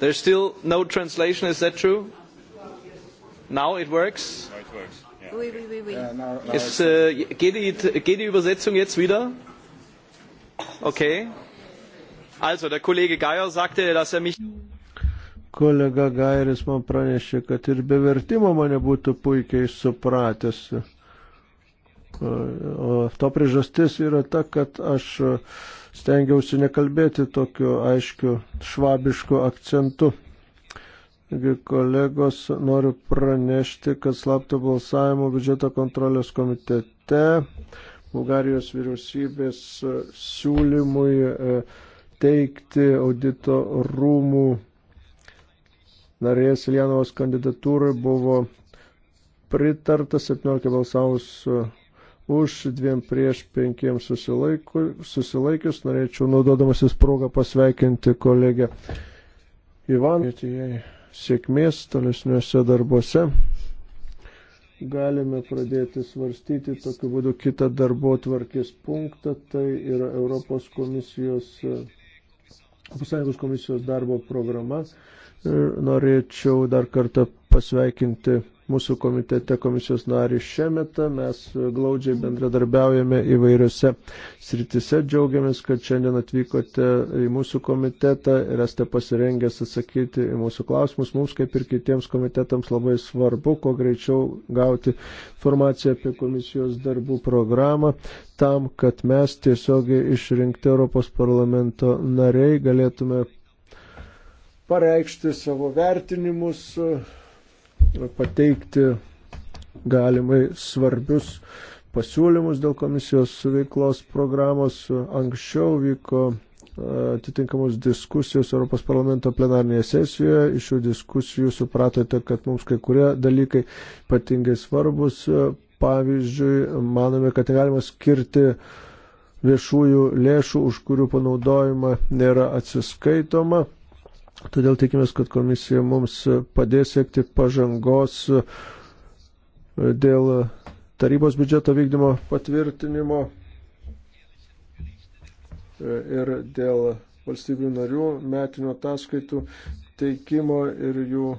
There's still no translation, is that true? Now it works? Now it works. Yeah. Oui, oui, oui, oui. Yeah, now, now ist, äh, geht, die, geht die Übersetzung jetzt wieder? Okay. Also, der Kollege Geier sagte, dass er mich. Kolega Geiris man pranešė, kad ir be vertimo mane būtų puikiai supratęs. O to priežastis yra ta, kad aš uh, stengiausi nekalbėti tokiu aiškiu švabišku akcentu. Taigi, kolegos, noriu pranešti, kad slapto balsavimo biudžeto kontrolės komitete Bulgarijos vyriausybės siūlymui e, teikti audito rūmų narės Iljanovos kandidatūrai buvo pritarta 17 balsavus už, dviem prieš, penkiems susilaikius. Norėčiau naudodamasis progą pasveikinti kolegę Ivaną. Jai sėkmės tolesniuose darbuose. Galime pradėti svarstyti tokiu būdu kitą darbo tvarkės punktą, tai yra Europos komisijos, Europos komisijos darbo programa. Ir norėčiau dar kartą pasveikinti mūsų komitete komisijos narį Šemetą. Mes glaudžiai bendradarbiaujame įvairiose sritise. Džiaugiamės, kad šiandien atvykote į mūsų komitetą ir esate pasirengęs atsakyti į mūsų klausimus. Mums, kaip ir kitiems komitetams, labai svarbu, kuo greičiau gauti informaciją apie komisijos darbų programą, tam, kad mes tiesiogiai išrinkti Europos parlamento nariai galėtume pareikšti savo vertinimus pateikti galimai svarbius pasiūlymus dėl komisijos veiklos programos. Anksčiau vyko e, atitinkamos diskusijos Europos parlamento plenarnėje sesijoje. Iš šių diskusijų supratote, kad mums kai kurie dalykai ypatingai svarbus. Pavyzdžiui, manome, kad negalima skirti viešųjų lėšų, už kurių panaudojimą nėra atsiskaitoma. Todėl tikimės, kad komisija mums padės siekti pažangos dėl tarybos biudžeto vykdymo patvirtinimo ir dėl valstybių narių metinių ataskaitų teikimo ir jų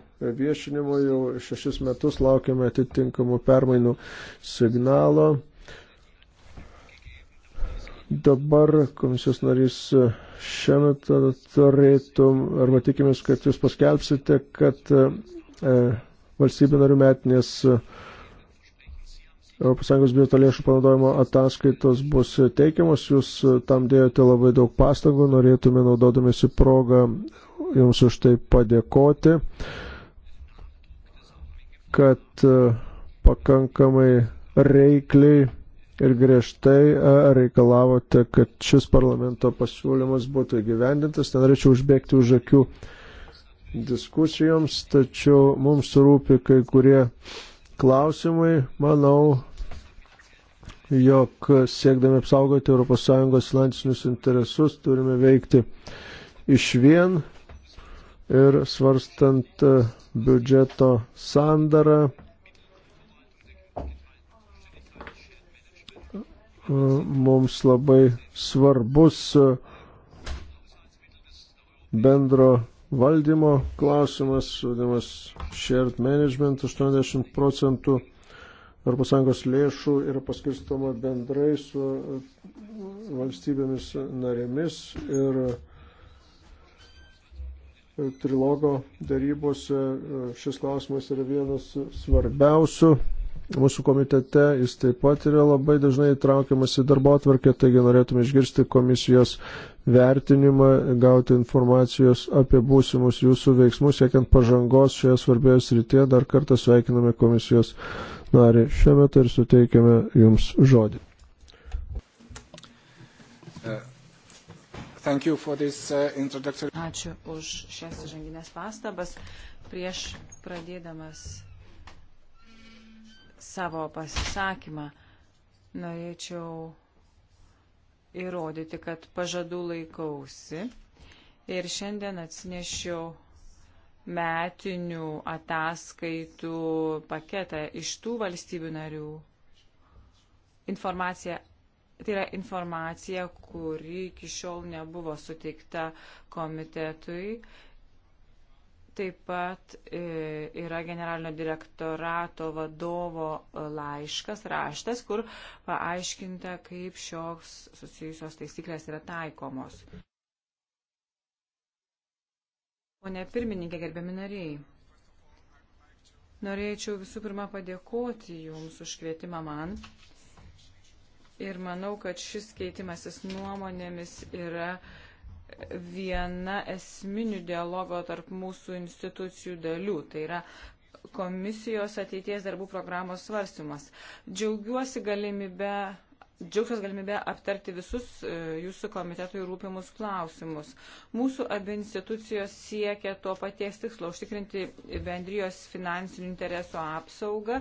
viešinimo jau šešis metus laukiame atitinkamų permainų signalo. Dabar komisijos narys šiandien turėtų, arba tikimės, kad jūs paskelbsite, kad e, valstybė narių metinės ES biudžeto lėšų panaudojimo ataskaitos bus teikiamos. Jūs e, tam dėjote labai daug pastangų, norėtume naudodamėsi progą Jums už tai padėkoti, kad e, pakankamai reikliai ir griežtai e, reikalavote, kad šis parlamento pasiūlymas būtų įgyvendintas. Nenorėčiau užbėgti už akių diskusijoms, tačiau mums rūpi kai kurie klausimai. Manau, jog siekdami apsaugoti ES finansinius interesus turime veikti iš vien ir svarstant e, biudžeto sandarą mums labai svarbus bendro valdymo klausimas, vadinamas shared management, 80 procentų ES lėšų yra paskirstoma bendrai su uh, valstybėmis narėmis ir uh, trilogo darybose uh, šis klausimas yra vienas svarbiausių Mūsų komitete jis taip pat yra labai dažnai įtraukiamas į darbo atvarkę, taigi norėtume išgirsti komisijos vertinimą, gauti informacijos apie būsimus jūsų veiksmus, siekiant pažangos šioje svarbioje srityje. Dar kartą sveikiname komisijos narį šiuo metu ir suteikiame jums žodį. Uh, uh, Ačiū už šias žanginės pastabas. Prieš pradėdamas savo pasisakymą. Norėčiau įrodyti, kad pažadų laikausi. Ir šiandien atsinešiau metinių ataskaitų paketą iš tų valstybių narių. Informacija, tai yra informacija, kuri iki šiol nebuvo suteikta komitetui Taip pat e, yra generalinio direktorato vadovo e, laiškas, raštas, kur paaiškinta, kaip šios susijusios taisyklės yra taikomos. Pone pirmininkė, gerbiami nariai, norėčiau visų pirma padėkoti Jums už kvietimą man. Ir manau, kad šis keitimasis nuomonėmis yra uh, viena esminių dialogo tarp mūsų institucijų dalių. Tai yra komisijos ateities darbų programos svarstymas. Džiaugiuosi galimybę džiaugsiuos galimybę aptarti visus e, jūsų komitetui rūpimus klausimus. Mūsų abi institucijos siekia to paties tikslo - užtikrinti bendrijos finansinių interesų apsaugą,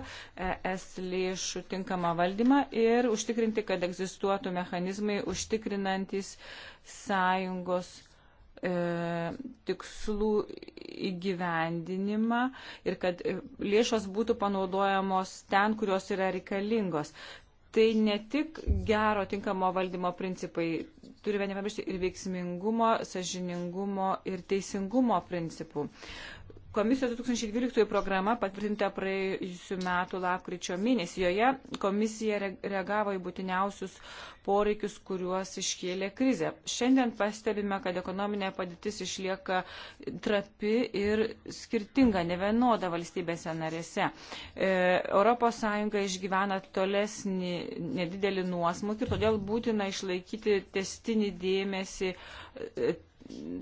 ES lėšų tinkamą valdymą ir užtikrinti, kad egzistuotų mechanizmai užtikrinantis sąjungos e, tikslų įgyvendinimą ir kad e, lėšos būtų panaudojamos ten, kurios yra reikalingos. Tai ne tik gero tinkamo valdymo principai, turime nepamiršti ir veiksmingumo, sažiningumo ir teisingumo principų. Komisijos 2012 programa patvirtinta praėjusiu metu lakryčio mėnesį. Joje komisija reagavo į būtiniausius poreikius, kuriuos iškėlė krizė. Šiandien pastebime, kad ekonominė padėtis išlieka trapi ir skirtinga, ne vienoda valstybėse narėse. ES išgyvena tolesnį nedidelį nuosmukį ir todėl būtina išlaikyti testinį dėmesį e,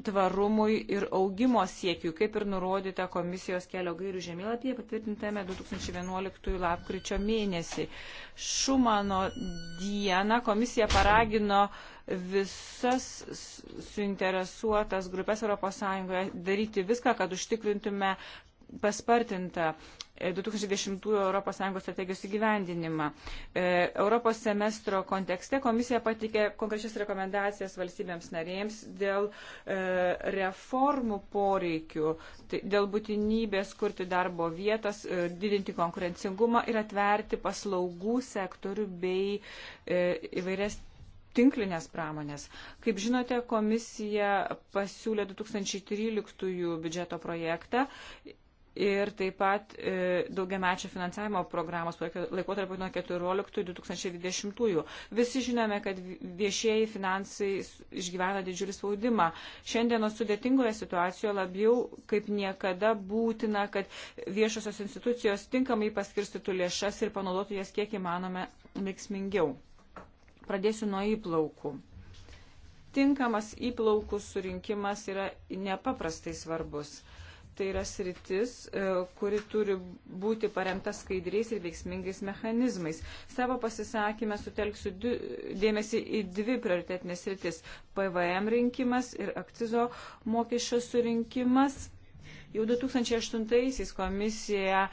tvarumui ir augimo siekiui, kaip ir nurodyta komisijos kelio gairių žemėlapyje patvirtintame 2011 lapkričio mėnesį. Šumano dieną komisija paragino visas suinteresuotas grupės ES daryti viską, kad užtikrintume paspartintą 2010 e, ES strategijos įgyvendinimą. E, Europos semestro kontekste komisija patikė konkrečias rekomendacijas valstybėms narėms dėl e, reformų poreikių, tai dėl būtinybės kurti darbo vietas, didinti konkurencingumą ir atverti paslaugų sektorių bei įvairias tinklinės pramonės. Kaip žinote, komisija pasiūlė 2013 biudžeto projektą ir taip pat e, daugiamečio finansavimo programos laikotarpio nuo 14-2020. Visi žinome, kad viešieji finansai išgyvena didžiulį spaudimą. Šiandienos sudėtingoje situacijoje labiau kaip niekada būtina, kad viešosios institucijos tinkamai paskirstytų lėšas ir panaudotų jas kiek įmanome veiksmingiau. Pradėsiu nuo įplaukų. Tinkamas įplaukų surinkimas yra nepaprastai svarbus. E, tai yra sritis, e, kuri turi būti paremta skaidriais ir veiksmingais mechanizmais. Savo pasisakymę sutelksiu dėmesį į dvi prioritetinės sritis - PVM rinkimas ir akcizo mokesčio surinkimas. Jau 2008-aisiais komisija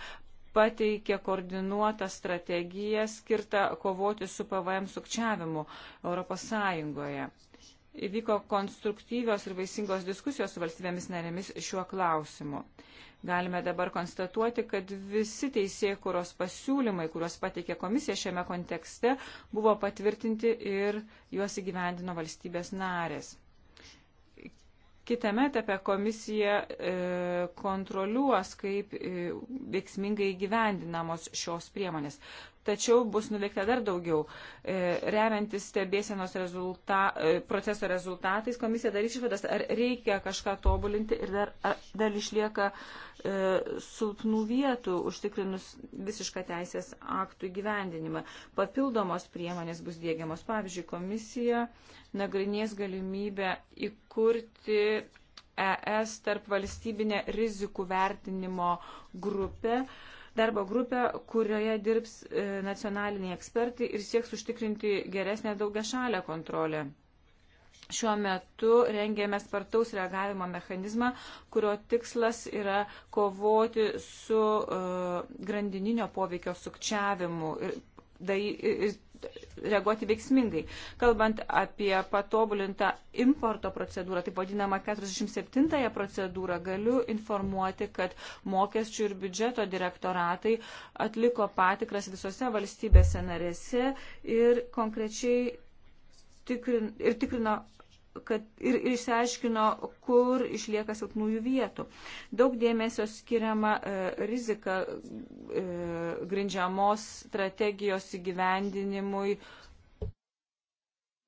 pateikė koordinuotą strategiją skirtą kovoti su PVM sukčiavimu Europos Sąjungoje. Įvyko konstruktyvios ir vaisingos diskusijos su valstybėmis narėmis šiuo klausimu. Galime dabar konstatuoti, kad visi teisėjai, kurios pasiūlymai, kuriuos pateikė komisija šiame kontekste, buvo patvirtinti ir juos įgyvendino valstybės narės. Kitame etape komisija e, kontroliuos, kaip e, veiksmingai gyvendinamos šios priemonės tačiau bus nuveikta dar daugiau. E, remiantis stebėsienos rezulta, e, proceso rezultatais, komisija dar išvadas, ar reikia kažką tobulinti ir dar, dar išlieka e, silpnų vietų, užtikrinus visišką teisės aktų įgyvendinimą. Papildomos priemonės bus dėgiamos. Pavyzdžiui, komisija nagrinės galimybę įkurti ES tarp valstybinę rizikų vertinimo grupę, uh, darbo grupę, kurioje dirbs e, nacionaliniai ekspertai ir sieks užtikrinti geresnę daugia šalę kontrolę. Šiuo metu rengėme spartaus reagavimo mechanizmą, kurio tikslas yra kovoti su uh, grandininio poveikio sukčiavimu ir, dai, ir reaguoti veiksmingai. Kalbant apie patobulintą importo procedūrą, taip vadinamą 47 procedūrą, galiu informuoti, kad mokesčių ir biudžeto direktoratai atliko patikras visose valstybėse narėse ir konkrečiai tikrin, ir tikrino kad ir, ir išsiaiškino, kur išlieka silpnųjų vietų. Daug dėmesio skiriama e, rizika e, grindžiamos strategijos įgyvendinimui.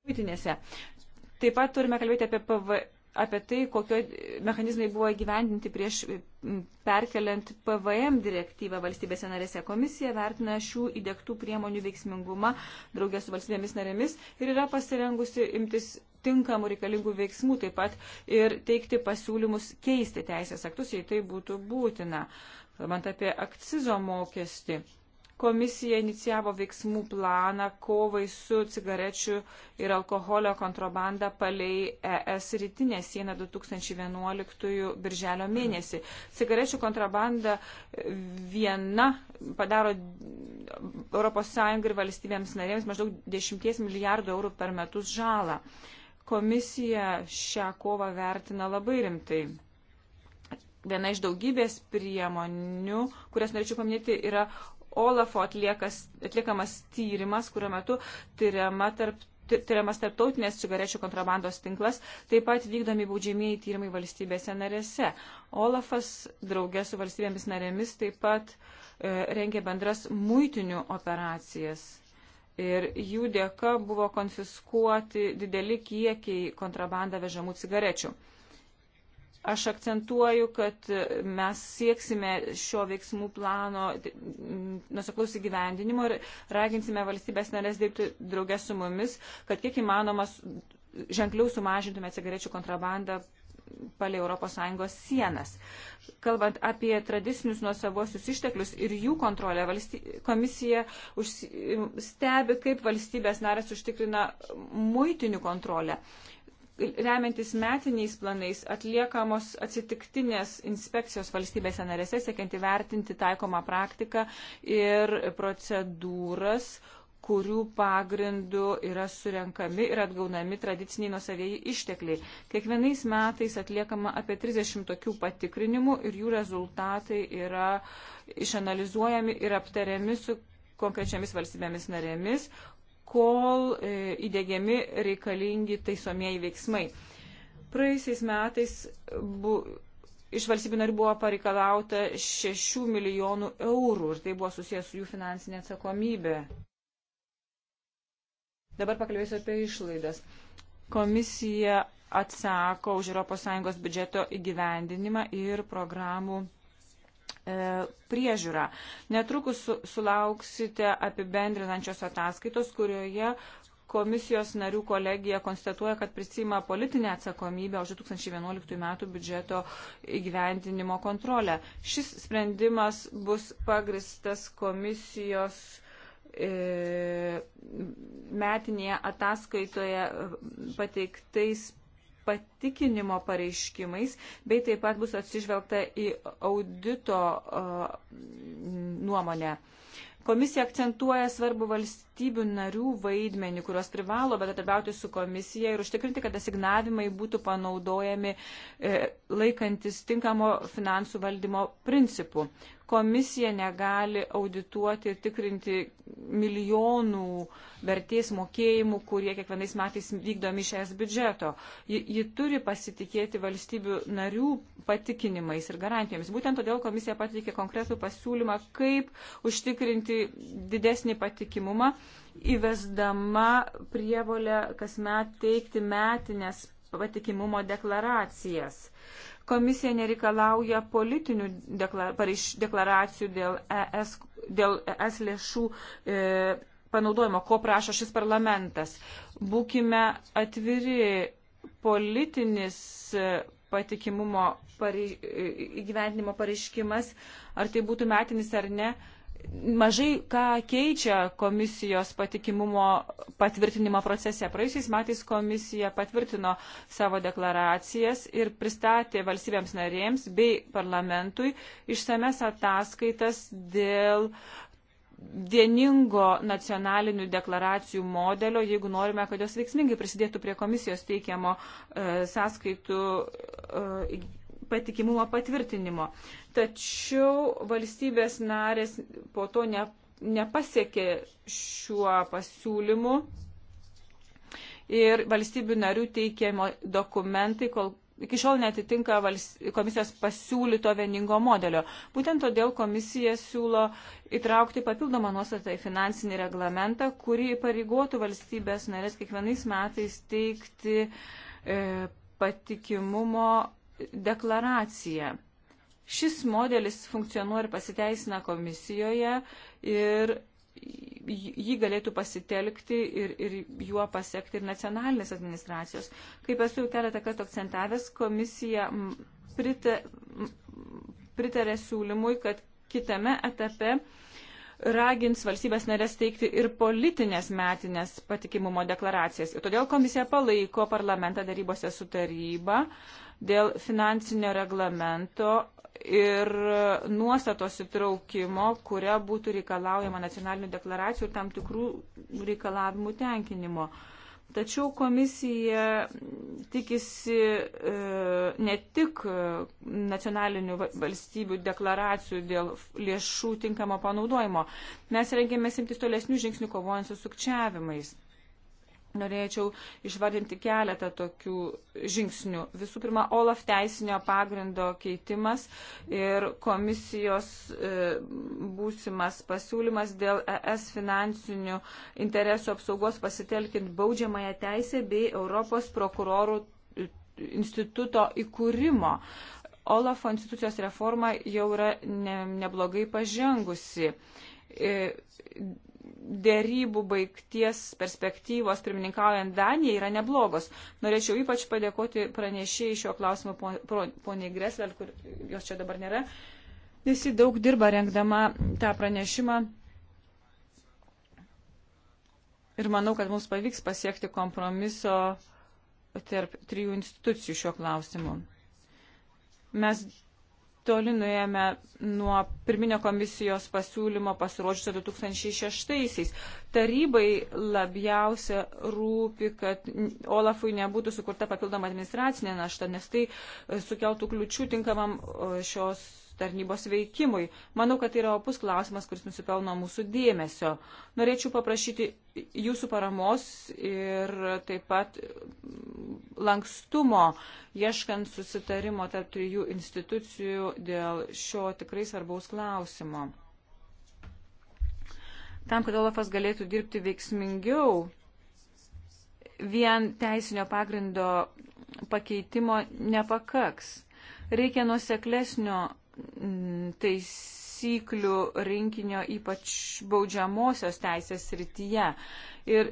Taip pat turime kalbėti apie PV, apie tai, kokio mechanizmai buvo įgyvendinti prieš perkeliant PVM direktyvą valstybėse narėse. Komisija vertina šių įdėktų priemonių veiksmingumą draugės su valstybėmis narėmis ir yra pasirengusi imtis tinkamų reikalingų veiksmų, taip pat ir teikti pasiūlymus keisti teisės aktus, jei tai būtų būtina. Kalbant apie akcizo mokestį, komisija inicijavo veiksmų planą kovai su cigarečių ir alkoholio kontrabanda palei ES rytinę sieną 2011 birželio mėnesį. Cigarečių kontrabanda viena padaro ES ir valstybėms narėms maždaug 10 milijardų eurų per metus žalą. Komisija šią kovą vertina labai rimtai. Viena iš daugybės priemonių, kurias norėčiau paminėti, yra Olafo atliekas, atliekamas tyrimas, kurio metu tyriama tarp tyriamas tarptautinės cigarečių kontrabandos tinklas, taip pat vykdomi baudžiamieji tyrimai valstybėse narėse. Olafas draugė su valstybėmis narėmis taip pat e, rengia bendras muitinių operacijas ir jų dėka buvo konfiskuoti dideli kiekiai kontrabandą vežamų cigarečių. Aš akcentuoju, kad mes sieksime šio veiksmų plano nusiklaus įgyvendinimo ir raginsime valstybės narės dirbti draugę su mumis, kad kiek įmanomas ženkliau sumažintume cigarečių kontrabandą palei ES sienas. Kalbant apie tradicinius nuosavosius išteklius ir jų kontrolę, valsty... komisija už... stebi, kaip valstybės narės užtikrina muitinių kontrolę. Remiantis metiniais planais atliekamos atsitiktinės inspekcijos valstybėse narėse, siekiant įvertinti taikomą praktiką ir procedūras, kurių pagrindų yra surenkami ir atgaunami tradiciniai nusavėjai ištekliai. Kiekvienais metais atliekama apie 30 tokių patikrinimų ir jų rezultatai yra išanalizuojami ir aptariami su konkrečiamis valstybėmis narėmis, kol e, įdėgiami reikalingi taisomieji veiksmai. Praėjusiais metais bu, iš valstybių narių buvo pareikalauta 6 milijonų eurų ir tai buvo susijęs su jų finansinė atsakomybė. Dabar pakalbėsiu apie išlaidas. Komisija atsako už ES biudžeto įgyvendinimą ir programų e, priežiūrą. Netrukus sulauksite apibendrinančios ataskaitos, kurioje komisijos narių kolegija konstatuoja, kad prisima politinę atsakomybę už 2011 metų biudžeto įgyvendinimo kontrolę. Šis sprendimas bus pagristas komisijos E, metinėje ataskaitoje pateiktais patikinimo pareiškimais, bei taip pat bus atsižvelgta į audito e, nuomonę. Komisija akcentuoja svarbu valstybės valstybių narių vaidmenį, kurios privalo bendradarbiauti su komisija ir užtikrinti, kad asignavimai būtų panaudojami e, laikantis tinkamo finansų valdymo principų. Komisija negali audituoti ir tikrinti milijonų vertės mokėjimų, kurie kiekvienais metais vykdomi iš es biudžeto. Ji, ji turi pasitikėti valstybių narių patikinimais ir garantijomis. Būtent todėl komisija pateikė konkretų pasiūlymą, kaip užtikrinti didesnį patikimumą įvesdama prievolę kasmet teikti metinės patikimumo deklaracijas. Komisija nereikalauja politinių dekla, pareiš, deklaracijų dėl ES, dėl ES lėšų e, panaudojimo, ko prašo šis parlamentas. Būkime atviri politinis e, patikimumo parei, e, įgyvendinimo pareiškimas, ar tai būtų metinis ar ne, mažai ką keičia komisijos patikimumo patvirtinimo procese. Praėjusiais metais komisija patvirtino savo deklaracijas ir pristatė valstybėms narėms bei parlamentui išsames ataskaitas dėl vieningo nacionalinių deklaracijų modelio, jeigu norime, kad jos veiksmingai prisidėtų prie komisijos teikiamo e, sąskaitų e, patikimumo patvirtinimo. Tačiau valstybės narės po to ne, nepasiekė šiuo pasiūlymu ir valstybių narių teikiamo dokumentai kol, iki šiol netitinka vals, komisijos pasiūlyto vieningo modelio. Būtent todėl komisija siūlo įtraukti papildomą nuostatą į finansinį reglamentą, kurį pareigotų valstybės narės kiekvienais metais teikti e, patikimumo deklaraciją. Šis modelis funkcionuoja ir pasiteisina komisijoje ir jį galėtų pasitelkti ir, ir juo pasiekti ir nacionalinės administracijos. Kaip esu jau keletą kartų akcentavęs, komisija pritarė, pritarė siūlymui, kad kitame etape uh, ragins valstybės narės teikti ir politinės metinės patikimumo deklaracijas. Ir todėl komisija palaiko parlamentą darybose su taryba dėl finansinio reglamento ir nuostatos įtraukimo, kuria būtų reikalaujama nacionalinių deklaracijų ir tam tikrų reikalavimų tenkinimo. Uh, Tačiau komisija tikisi e, ne tik nacionalinių valstybių deklaracijų dėl lėšų tinkamo panaudojimo. Mes rengėmės imtis tolesnių žingsnių kovojant su sukčiavimais. Norėčiau išvardinti keletą tokių žingsnių. Visų pirma, OLAF teisinio pagrindo keitimas ir komisijos e, būsimas pasiūlymas dėl ES finansinių interesų apsaugos pasitelkint baudžiamąją teisę bei Europos prokurorų e, instituto įkūrimo. OLAFO institucijos reforma jau yra ne, neblogai pažengusi. E, dėrybų baigties perspektyvos pirmininkaujant Danijai yra neblogos. Norėčiau ypač padėkoti pranešėjai šio klausimo poniai Greslel, kur jos čia dabar nėra. Nes jis daug dirba rengdama tą pranešimą. Ir manau, kad mums pavyks pasiekti kompromiso tarp trijų institucijų šio klausimu. Mes toli nuėjome nuo pirminio komisijos pasiūlymo pasirodžiusio 2006-aisiais. Tarybai labiausia rūpi, kad Olafui nebūtų sukurta papildoma administracinė našta, nes tai sukeltų kliučių tinkamam šios tarnybos veikimui. Manau, kad tai yra opus klausimas, kuris nusipelno mūsų dėmesio. Norėčiau paprašyti jūsų paramos ir taip pat mm, lankstumo, ieškant susitarimo tarp trijų institucijų dėl šio tikrai svarbaus klausimo. Tam, kad Olafas galėtų dirbti veiksmingiau, vien teisinio pagrindo pakeitimo nepakaks. Reikia nuoseklesnio Mm, taisyklių rinkinio ypač baudžiamosios teisės rytyje. Ir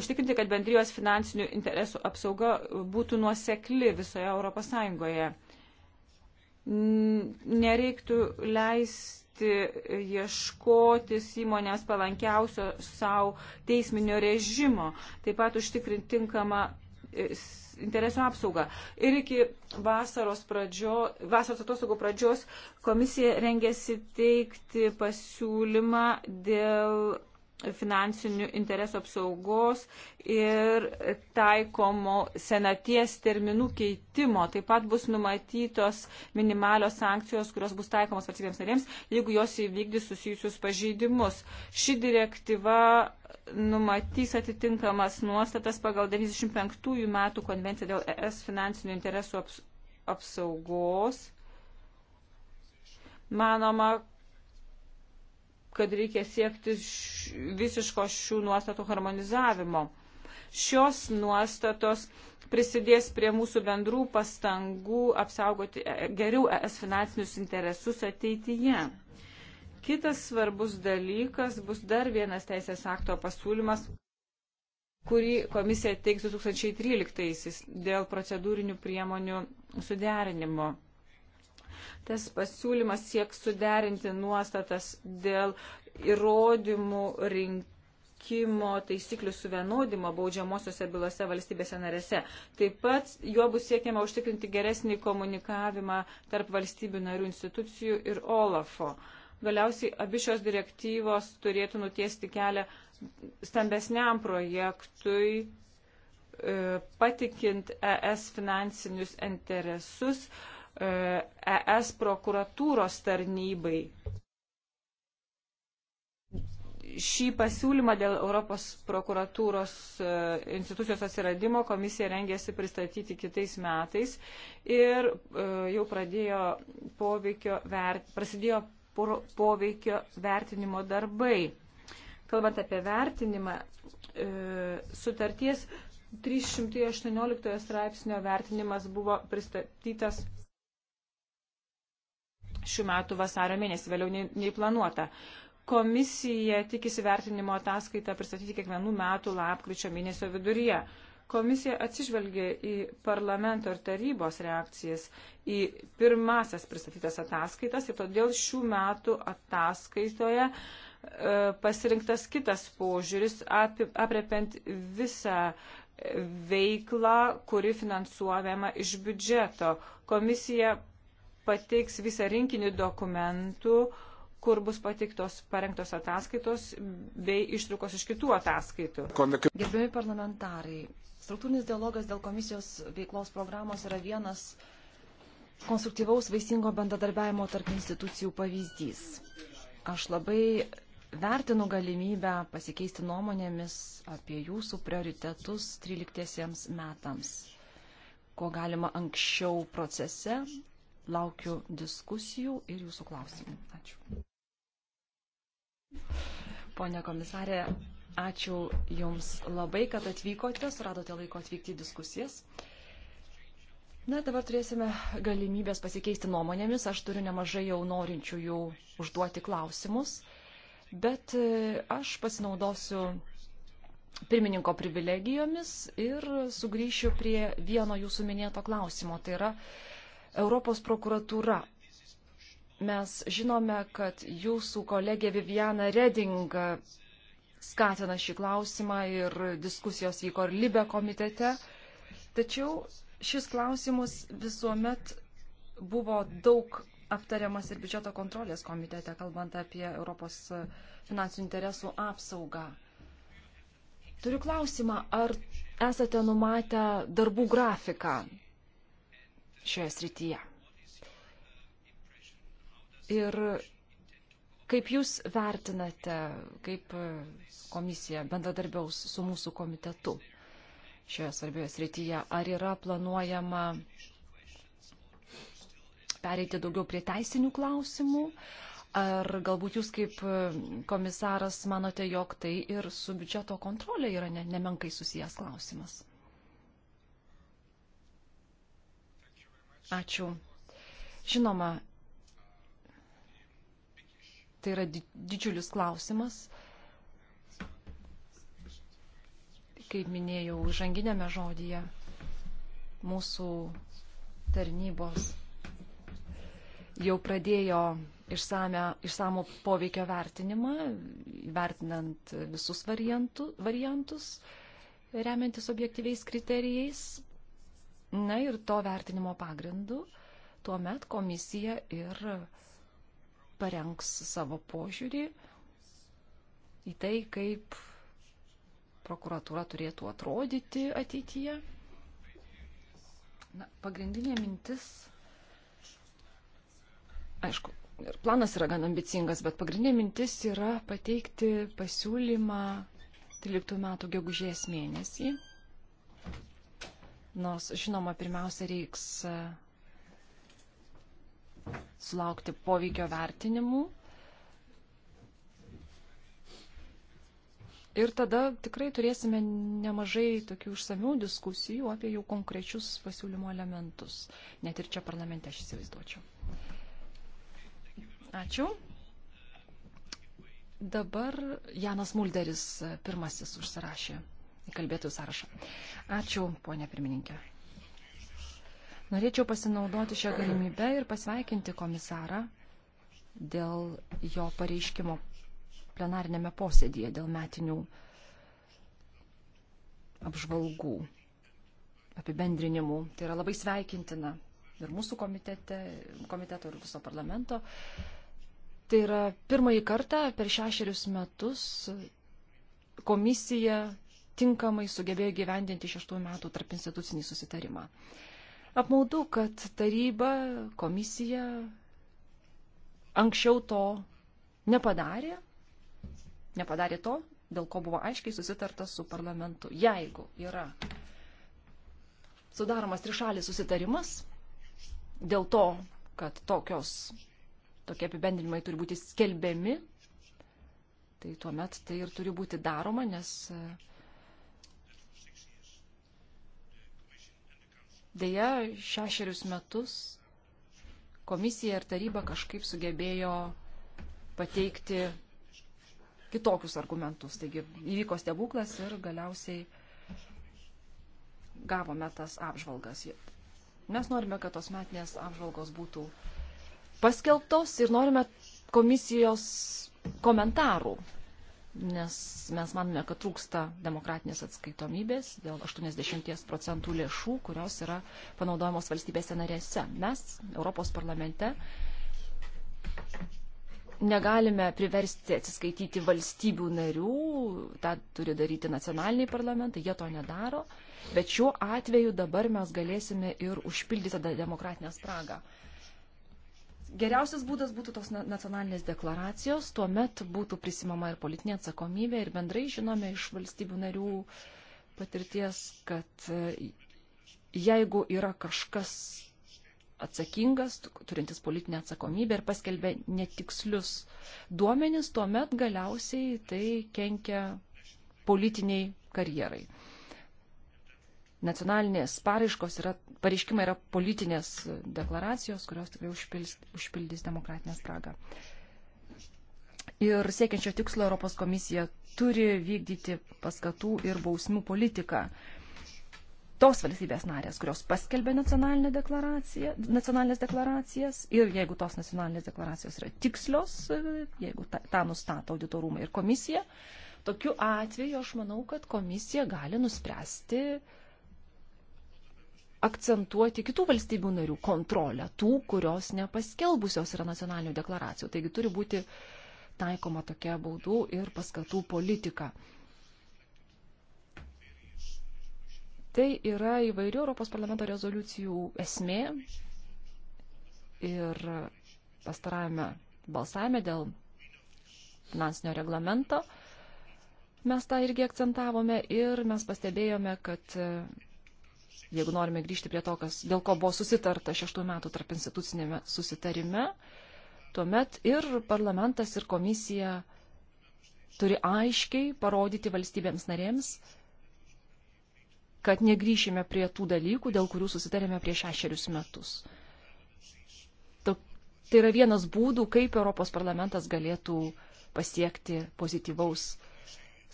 užtikrinti, kad bendrijos finansinių interesų apsauga būtų nuosekli visoje Europos Sąjungoje. Nereiktų leisti ieškotis įmonės palankiausio savo teisminio režimo, taip pat užtikrinti tinkamą e, interesų apsaugą. Ir iki vasaros, pradžio, vasaros atostogų pradžios komisija rengėsi teikti pasiūlymą dėl finansinių interesų apsaugos ir taikomo senaties terminų keitimo. Taip pat bus numatytos minimalios sankcijos, kurios bus taikomos valstybėms narėms, jeigu jos įvykdys susijusius pažeidimus. Ši direktyva numatys atitinkamas nuostatas pagal 95 metų konvenciją dėl ES finansinių interesų apsaugos. Manoma, kad reikia siekti visiško šių nuostatų harmonizavimo. Šios nuostatos prisidės prie mūsų bendrų pastangų apsaugoti e, e, geriau es finansinius interesus ateityje. Kitas svarbus dalykas bus dar vienas teisės akto pasiūlymas, kurį komisija teiks 2013 dėl procedūrinių priemonių suderinimo. Tas pasiūlymas sieks suderinti nuostatas dėl įrodymų rinkimo taisyklių suvienodimo baudžiamosiose bylose valstybėse narėse. Taip pat juo bus siekiama užtikrinti geresnį komunikavimą tarp valstybių narių institucijų ir OLAFO. Galiausiai abi šios direktyvos turėtų nutiesti kelią stambesniam projektui, e, patikint ES finansinius interesus, ES e prokuratūros tarnybai. Šį pasiūlymą dėl Europos prokuratūros e, institucijos atsiradimo komisija rengėsi pristatyti kitais metais ir e, jau pradėjo poveikio, vert, prasidėjo poveikio vertinimo darbai. Kalbant apie vertinimą, sutarties 318 straipsnio vertinimas buvo pristatytas šių metų vasario mėnesį, vėliau nei, nei planuota. Komisija tikisi vertinimo ataskaitą pristatyti kiekvienų metų lapkričio mėnesio viduryje. Komisija atsižvelgia į parlamento ir tarybos reakcijas į pirmasias pristatytas ataskaitas ir todėl šių metų ataskaitoje e, pasirinktas kitas požiūris apriepiant visą veiklą, kuri finansuojama iš biudžeto. Komisija pateiks visą rinkinį dokumentų, kur bus pateiktos parengtos ataskaitos bei ištrukos iš kitų ataskaitų. Gerbiami parlamentarai, struktūrinis dialogas dėl komisijos veiklos programos yra vienas konstruktyvaus vaisingo bendradarbiavimo tarp institucijų pavyzdys. Aš labai vertinu galimybę pasikeisti nuomonėmis apie jūsų prioritetus 13 metams, ko galima anksčiau procese laukiu diskusijų ir jūsų klausimų. Ačiū. Pone komisarė, ačiū Jums labai, kad atvykote, suradote laiko atvykti į diskusijas. Na, dabar turėsime galimybės pasikeisti nuomonėmis. Aš turiu nemažai jau norinčių jų užduoti klausimus, bet e, aš pasinaudosiu pirmininko privilegijomis ir sugrįšiu prie vieno jūsų minėto klausimo. Tai yra Europos prokuratūra. Mes žinome, kad jūsų kolegė Viviana Reding skatina šį klausimą ir diskusijos vyko ir Libe komitete. Tačiau šis klausimus visuomet buvo daug aptariamas ir biudžeto kontrolės komitete, kalbant apie Europos finansų interesų apsaugą. Turiu klausimą, ar esate numatę darbų grafiką šioje srityje. Ir kaip Jūs vertinate, kaip komisija bendradarbiaus su mūsų komitetu šioje svarbioje srityje? Ar yra planuojama pereiti daugiau prie teisinių klausimų? Ar galbūt jūs kaip komisaras manote, jog tai ir su biudžeto kontrolė yra nemenkai susijęs klausimas? Ačiū. Žinoma, tai yra didžiulis klausimas. Kaip minėjau, žanginėme žodyje mūsų tarnybos jau pradėjo išsame, išsamų poveikio vertinimą, vertinant visus variantų, variantus, remiantis objektyviais kriterijais. Na ir to vertinimo pagrindu tuomet komisija ir parengs savo požiūrį į tai, kaip prokuratūra turėtų atrodyti ateityje. Na, pagrindinė mintis, aišku, ir planas yra gan ambicingas, bet pagrindinė mintis yra pateikti pasiūlymą 13 metų gegužės mėnesį Nors, žinoma, pirmiausia reiks e, sulaukti poveikio vertinimų. Ir tada tikrai turėsime nemažai tokių užsamių diskusijų apie jau konkrečius pasiūlymo elementus. Net ir čia parlamente aš įsivaizduočiau. Ačiū. Dabar Janas Mulderis e, pirmasis užsirašė kalbėtojų sąrašą. Ačiū, ponė pirmininkė. Norėčiau pasinaudoti šią galimybę ir pasveikinti komisarą dėl jo pareiškimo plenarinėme posėdėje dėl metinių apžvalgų, apibendrinimų. Tai yra labai sveikintina ir mūsų komitete, komiteto ir viso parlamento. Tai yra pirmąjį kartą per šešerius metus komisija tinkamai sugebėjo gyvendinti šeštųjų metų tarp institucinį susitarimą. Apmaudu, kad taryba, komisija anksčiau to nepadarė, nepadarė to, dėl ko buvo aiškiai susitarta su parlamentu. Jeigu yra sudaromas trišalis susitarimas dėl to, kad tokios, tokie apibendrinimai turi būti skelbiami, tai tuomet tai ir turi būti daroma, nes Deja, šešerius metus komisija ir taryba kažkaip sugebėjo pateikti kitokius argumentus. Taigi įvyko stebuklas ir galiausiai gavome tas apžvalgas. Mes norime, kad tos metinės apžvalgos būtų paskelbtos ir norime komisijos komentarų nes mes manome, kad trūksta demokratinės atskaitomybės dėl 80 procentų lėšų, kurios yra panaudojamos valstybėse narėse. Mes Europos parlamente negalime priversti atsiskaityti valstybių narių, tą turi daryti nacionaliniai parlamentai, jie to nedaro, bet šiuo atveju dabar mes galėsime ir užpildyti tą demokratinę spragą. Geriausias būdas būtų tos nacionalinės deklaracijos, tuomet būtų prisimama ir politinė atsakomybė ir bendrai žinome iš valstybių narių patirties, kad e, jeigu yra kažkas atsakingas, turintis politinę atsakomybę ir paskelbė netikslius duomenis, tuomet galiausiai tai kenkia politiniai karjerai nacionalinės paraiškos yra, pareiškimai yra politinės deklaracijos, kurios tikrai užpildys, užpildys demokratinę spragą. Ir siekiančio tikslo Europos komisija turi vykdyti paskatų ir bausmių politiką. Tos valstybės narės, kurios paskelbė nacionalinę deklaraciją, nacionalinės deklaracijas ir jeigu tos nacionalinės deklaracijos yra tikslios, jeigu tą, tą nustato auditorumai ir komisija, tokiu atveju aš manau, kad komisija gali nuspręsti uh, akcentuoti kitų valstybių narių kontrolę, tų, kurios nepaskelbusios yra nacionalinių deklaracijų. Taigi turi būti taikoma tokia baudų ir paskatų politika. Tai yra įvairių Europos parlamento rezoliucijų esmė ir pastarajame balsavime dėl finansinio reglamento mes tą irgi akcentavome ir mes pastebėjome, kad jeigu norime grįžti prie to, kas, dėl ko buvo susitarta šeštų metų tarp institucinėme susitarime, tuomet ir parlamentas, ir komisija turi aiškiai parodyti valstybėms narėms, kad negrįšime prie tų dalykų, dėl kurių susitarėme prieš šešerius metus. Tai yra vienas būdų, kaip Europos parlamentas galėtų pasiekti pozityvaus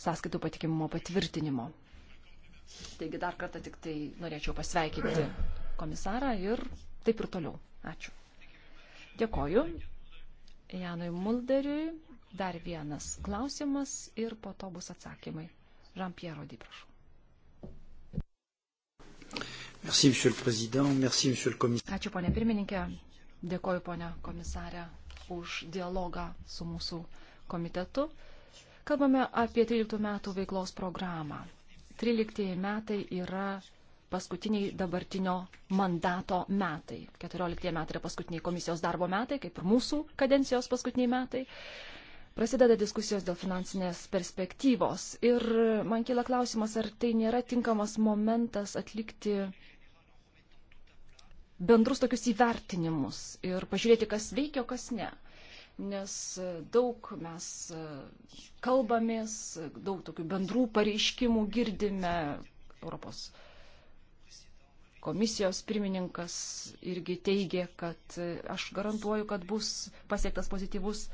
sąskaitų patikimumo patvirtinimo. Taigi dar kartą tik tai norėčiau pasveikinti komisarą ir taip ir toliau. Ačiū. Dėkoju. Janui Mulderiui dar vienas klausimas ir po to bus atsakymai. Jean-Pierre Odi, prašau. Merci, monsieur le président. Merci, monsieur le commissaire. Ačiū, ponė pirmininkė. Dėkoju, ponė komisarė, už dialogą su mūsų komitetu. Kalbame apie 13 metų veiklos programą. 13 metai yra paskutiniai dabartinio mandato metai. 14 metai yra paskutiniai komisijos darbo metai, kaip ir mūsų kadencijos paskutiniai metai. Prasideda diskusijos dėl finansinės perspektyvos ir man kyla klausimas, ar tai nėra tinkamas momentas atlikti bendrus tokius įvertinimus ir pažiūrėti, kas veikia, o kas ne nes e, daug mes e, kalbamės, e, daug tokių bendrų pareiškimų girdime. Europos komisijos pirmininkas irgi teigė, kad aš garantuoju, kad bus pasiektas pozityvus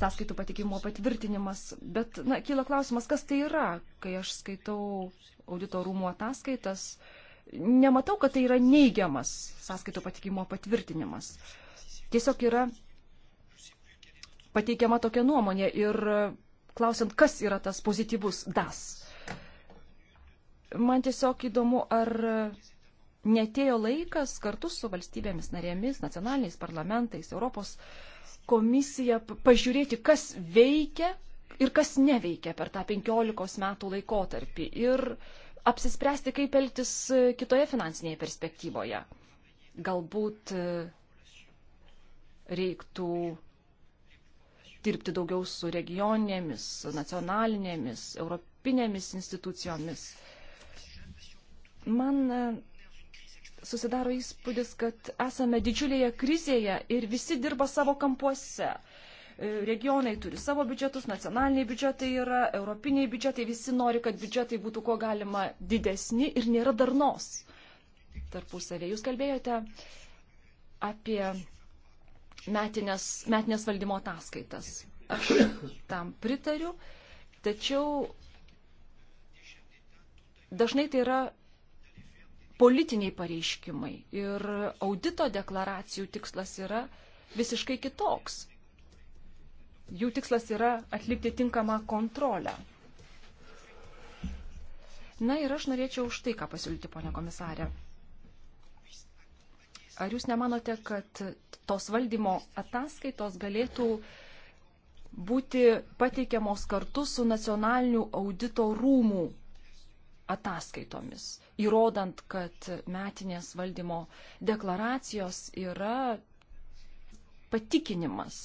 sąskaitų patikimo patvirtinimas. Bet, na, kyla klausimas, kas tai yra, kai aš skaitau audito rūmų ataskaitas. Nematau, kad tai yra neigiamas sąskaitų patikimo patvirtinimas. Tiesiog yra pateikiama tokia nuomonė ir e, klausiant, kas yra tas pozityvus das. Man tiesiog įdomu, ar netėjo laikas kartu su valstybėmis narėmis, nacionaliniais parlamentais, Europos komisija pažiūrėti, kas veikia ir kas neveikia per tą 15 metų laikotarpį ir apsispręsti, kaip elgtis e, kitoje finansinėje perspektyvoje. Galbūt e, reiktų dirbti daugiau su regioninėmis, nacionalinėmis, europinėmis institucijomis. Man e, susidaro įspūdis, kad esame didžiulėje krizėje ir visi dirba savo kampuose. E, regionai turi savo biudžetus, nacionaliniai biudžetai yra, europiniai biudžetai, visi nori, kad biudžetai būtų kuo galima didesni ir nėra darnos tarpusavė. Jūs kalbėjote apie metinės, metinės valdymo ataskaitas. Aš tam pritariu, tačiau dažnai tai yra politiniai pareiškimai ir audito deklaracijų tikslas yra visiškai kitoks. Jų tikslas yra atlikti tinkamą kontrolę. Na ir aš norėčiau už tai, ką pasiūlyti, ponia komisarė. Ar jūs nemanote, kad tos valdymo ataskaitos galėtų būti pateikiamos kartu su nacionaliniu audito rūmų ataskaitomis, įrodant, kad metinės valdymo deklaracijos yra patikinimas,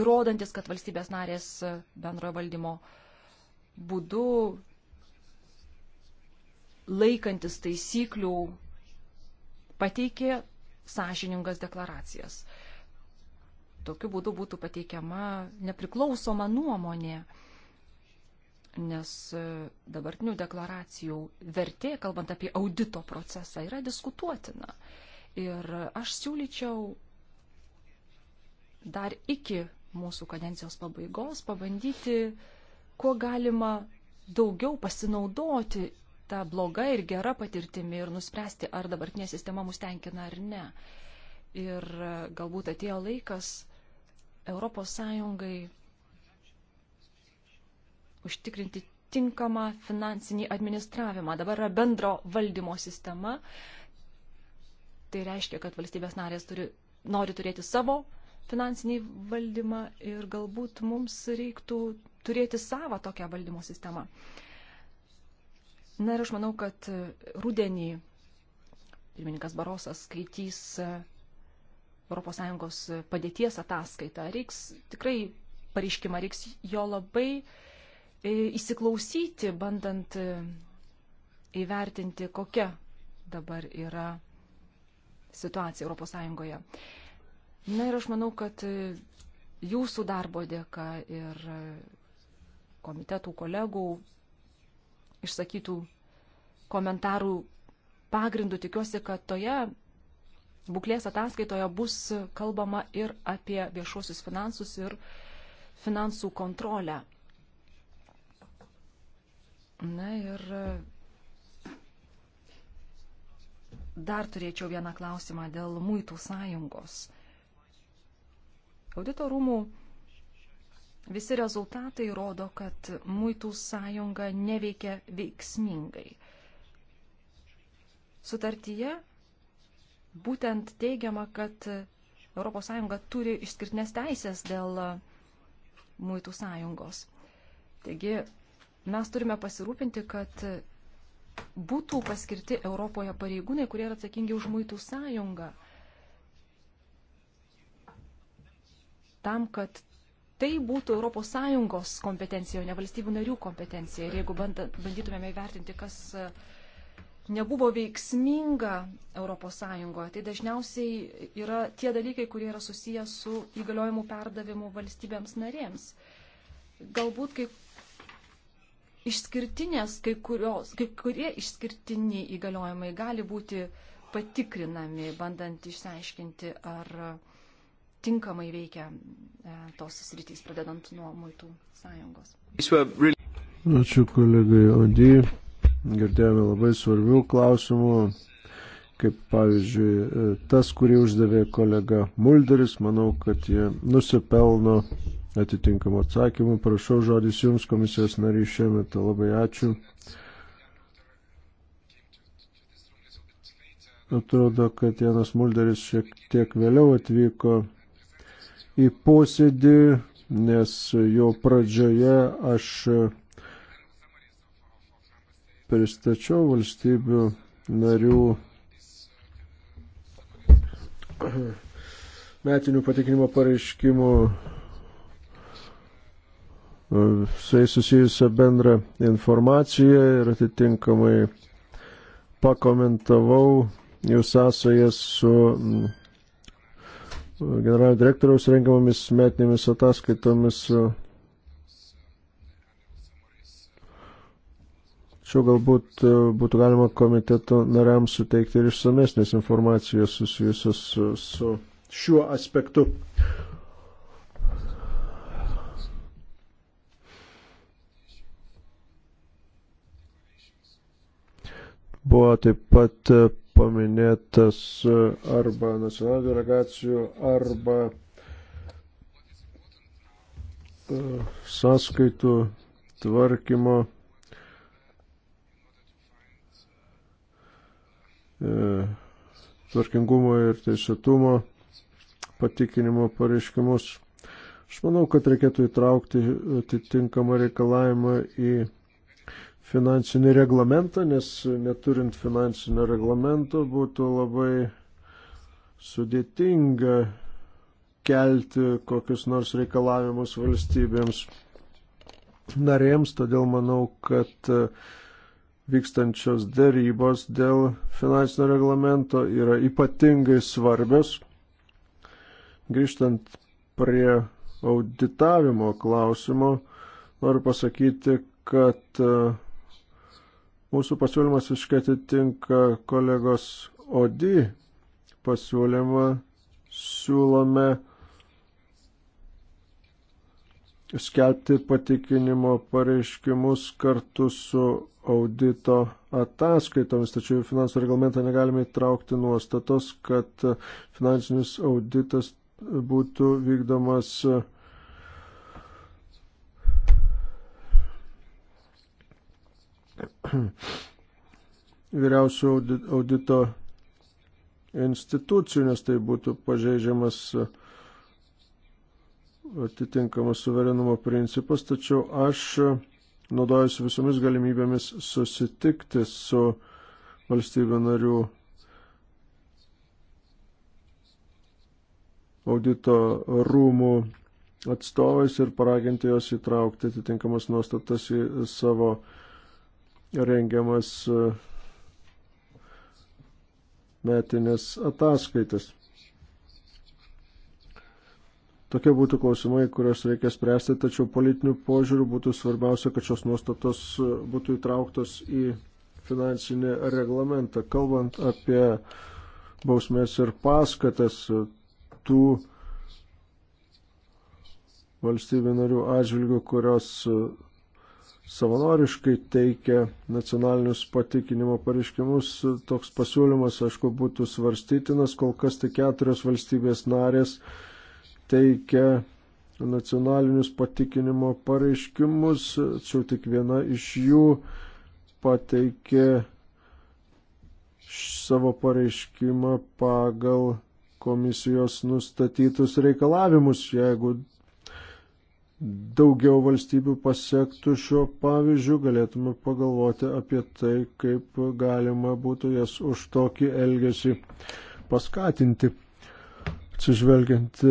įrodantis, kad valstybės narės bendrojo valdymo būdu laikantis taisyklių pateikė sąžiningas deklaracijas. Tokiu būdu būtų pateikiama nepriklausoma nuomonė, nes e, dabartinių deklaracijų vertė, kalbant apie audito procesą, yra diskutuotina. Ir aš siūlyčiau dar iki mūsų kadencijos pabaigos pabandyti, kuo galima daugiau pasinaudoti ta bloga ir gera patirtimi ir nuspręsti, ar dabartinė sistema mus tenkina ar ne. Ir e, galbūt atėjo laikas ES užtikrinti tinkamą finansinį administravimą. Dabar yra bendro valdymo sistema. Tai reiškia, kad valstybės narės turi, nori turėti savo finansinį valdymą ir galbūt mums reiktų turėti savo tokią valdymo sistemą. Uh, Na ir aš manau, kad e, rudenį pirmininkas Barosas skaitys ES e, padėties ataskaitą. Reiks tikrai pareiškimą, reiks jo labai e, įsiklausyti, bandant įvertinti, kokia dabar yra situacija ES. Na ir aš manau, kad jūsų darbo dėka ir komitetų kolegų išsakytų komentarų pagrindų tikiuosi, kad toje būklės ataskaitoje bus kalbama ir apie viešuosius finansus ir finansų kontrolę. Na ir e, dar turėčiau vieną klausimą dėl muitų sąjungos. Audito rūmų visi rezultatai rodo, kad muitų sąjunga neveikia veiksmingai. Sutartyje būtent teigiama, kad ES turi išskirtinės teisės dėl muitų sąjungos. Taigi mes turime pasirūpinti, kad būtų paskirti Europoje pareigūnai, kurie yra atsakingi už muitų sąjungą. Tam, kad tai būtų ES kompetencija, o ne valstybių narių kompetencija. Ir jeigu bandytumėme įvertinti, kas uh, nebuvo veiksminga ES, tai dažniausiai yra tie dalykai, kurie yra susiję su įgaliojimų perdavimu valstybėms narėms. Galbūt kai išskirtinės, kai, kurios, kai kurie išskirtiniai įgaliojimai gali būti patikrinami, bandant išsiaiškinti, ar tinkamai veikia e, tos sritys, pradedant nuo muitų sąjungos. Ačiū kolegai Odijai girdėjome labai svarbių klausimų, kaip pavyzdžiui e, tas, kurį uždavė kolega Mulderis, manau, kad jie nusipelno atitinkamų atsakymų. Prašau žodis Jums, komisijos nariai, šiemet tai labai ačiū. Atrodo, kad Janas Mulderis šiek tiek vėliau atvyko į posėdį, nes jo pradžioje aš pristačiau valstybių narių metinių patikinimo pareiškimų e, su jais susijusią bendrą informaciją ir atitinkamai pakomentavau jų sąsajas su mm, generalinio direktoriaus rengiamomis metinėmis ataskaitomis Čia galbūt e, būtų galima komiteto nariams suteikti ir išsamesnės informacijos susijusios su, su šiuo aspektu. Buvo taip pat e, paminėtas e, arba nacionalinių delegacijų, arba sąskaitų tvarkymo E, tvarkingumo ir teisėtumo patikinimo pareiškimus. Aš manau, kad reikėtų įtraukti atitinkamą reikalavimą į finansinį reglamentą, nes neturint finansinio reglamento būtų labai sudėtinga kelti kokius nors reikalavimus valstybėms narėms, todėl manau, kad uh, vykstančios dėrybos dėl finansinio reglamento yra ypatingai svarbios. Grįžtant prie auditavimo klausimo, noriu pasakyti, kad e, mūsų pasiūlymas visiškai atitinka kolegos Odi pasiūlymą. Siūlome skelbti patikinimo pareiškimus kartu su audito ataskaitomis, tačiau į finansų reglamentą negalime įtraukti nuostatos, kad finansinis auditas būtų vykdomas vyriausių audito institucijų, nes tai būtų pažeidžiamas atitinkamas suverenumo principas, tačiau aš naudojasi visomis galimybėmis susitikti su valstybių narių audito rūmų atstovais ir paraginti jos įtraukti atitinkamas nuostatas į savo rengiamas metinės ataskaitas. Tokie būtų klausimai, kuriuos reikia spręsti, tačiau politinių požiūrių būtų svarbiausia, kad šios nuostatos e, būtų įtrauktos į finansinį reglamentą. Kalbant apie bausmės ir paskatas e, tų valstybių narių atžvilgių, kurios e, savanoriškai teikia nacionalinius patikinimo pareiškimus, toks pasiūlymas, aišku, būtų svarstytinas, kol kas tik keturios valstybės narės teikia nacionalinius patikinimo pareiškimus, tačiau tik viena iš jų pateikė savo pareiškimą pagal komisijos nustatytus reikalavimus. Jeigu daugiau valstybių pasiektų šio pavyzdžių, galėtume pagalvoti apie tai, kaip galima būtų jas už tokį elgesį paskatinti. Atsižvelgiant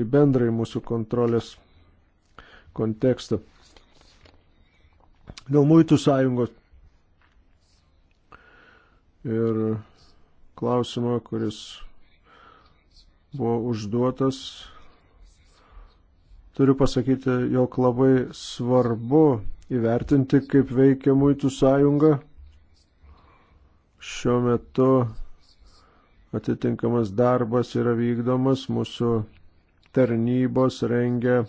į bendrąjį mūsų kontrolės kontekstą. Dėl muitų sąjungos ir klausimą, kuris buvo užduotas, turiu pasakyti, jog labai svarbu įvertinti, kaip veikia muitų sąjunga. Šiuo metu atitinkamas darbas yra vykdomas, mūsų tarnybos rengia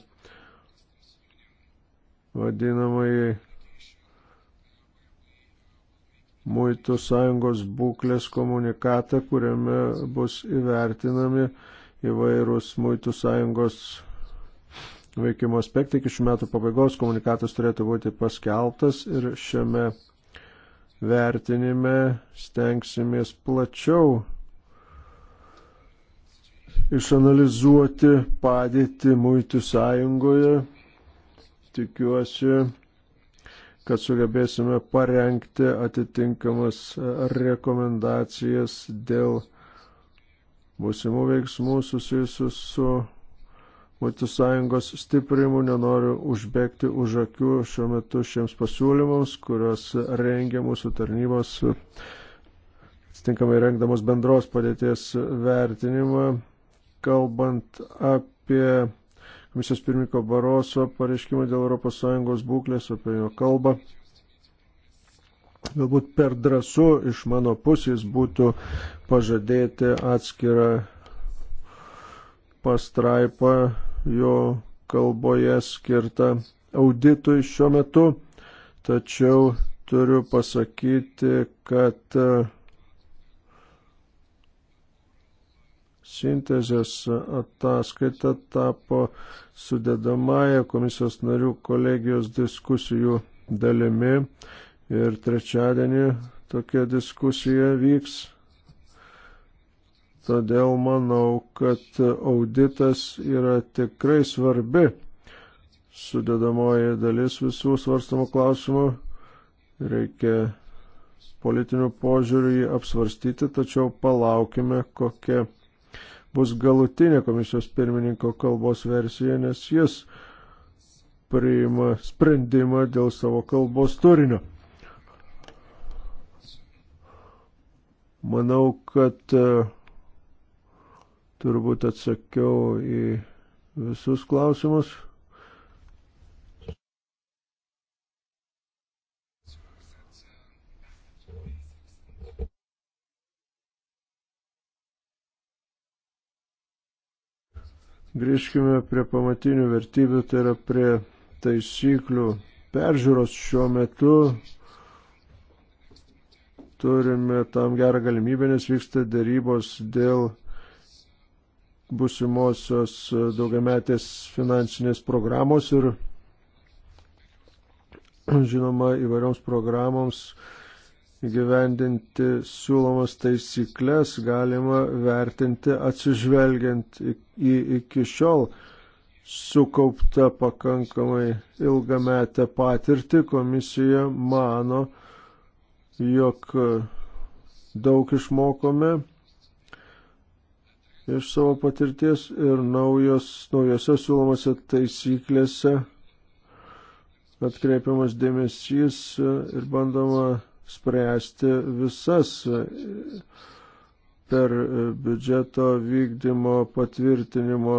vadinamai Muitų sąjungos būklės komunikatą, kuriame bus įvertinami įvairūs Muitų sąjungos veikimo aspektai. Iki šių metų pabaigos komunikatas turėtų būti paskelbtas ir šiame vertinime stengsimės plačiau išanalizuoti padėtį muitų sąjungoje. Tikiuosi, kad sugebėsime parengti atitinkamas rekomendacijas dėl būsimų veiksmų susijusių su muitų sąjungos stiprimu. Nenoriu užbėgti už akių šiuo metu šiems pasiūlymams, kuriuos rengia mūsų tarnybos, atitinkamai rengdamos bendros padėties vertinimą kalbant apie komisijos pirmininko Baroso pareiškimą dėl ES būklės, apie jo kalbą. Galbūt per drąsu iš mano pusės būtų pažadėti atskirą pastraipą jo kalboje skirtą auditui šiuo metu, tačiau turiu pasakyti, kad uh, sintezės ataskaita tapo sudėdamąją komisijos narių kolegijos diskusijų dalimi ir trečiadienį tokia diskusija vyks. Todėl manau, kad auditas yra tikrai svarbi sudėdamoji dalis visų svarstamų klausimų. Reikia politinių požiūrių jį apsvarstyti, tačiau palaukime, kokia bus galutinė komisijos pirmininko kalbos versija, nes jis priima sprendimą dėl savo kalbos turinio. Manau, kad e, turbūt atsakiau į visus klausimus. Grįžkime prie pamatinių vertybių, tai yra prie taisyklių peržiūros šiuo metu. Turime tam gerą galimybę, nes vyksta dėrybos dėl busimosios daugiametės finansinės programos ir žinoma įvairioms programoms gyvendinti siūlomas taisyklės galima vertinti atsižvelgiant į iki šiol sukauptą pakankamai ilgą metę patirtį. Komisija mano, jog daug išmokome iš savo patirties ir naujos, naujose siūlomose taisyklėse atkreipiamas dėmesys ir bandoma spręsti visas per e, biudžeto vykdymo patvirtinimo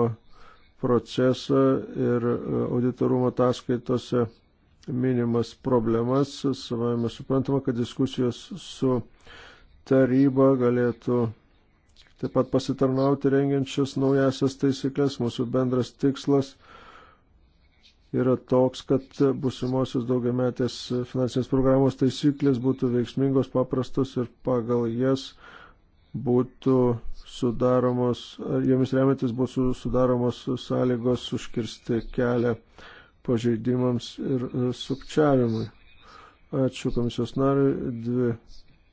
procesą ir e, auditorumo ataskaitose minimas problemas. Savame suprantama, kad diskusijos su taryba galėtų taip pat pasitarnauti rengiančias naujasias taisyklės. Mūsų bendras tikslas yra toks, kad busimosios daugiametės finansinės programos taisyklės būtų veiksmingos, paprastos ir pagal jas būtų sudaromos, jomis remiantis būtų sudaromos sąlygos užkirsti kelią pažeidimams ir sukčiavimui. Ačiū komisijos nariui, dvi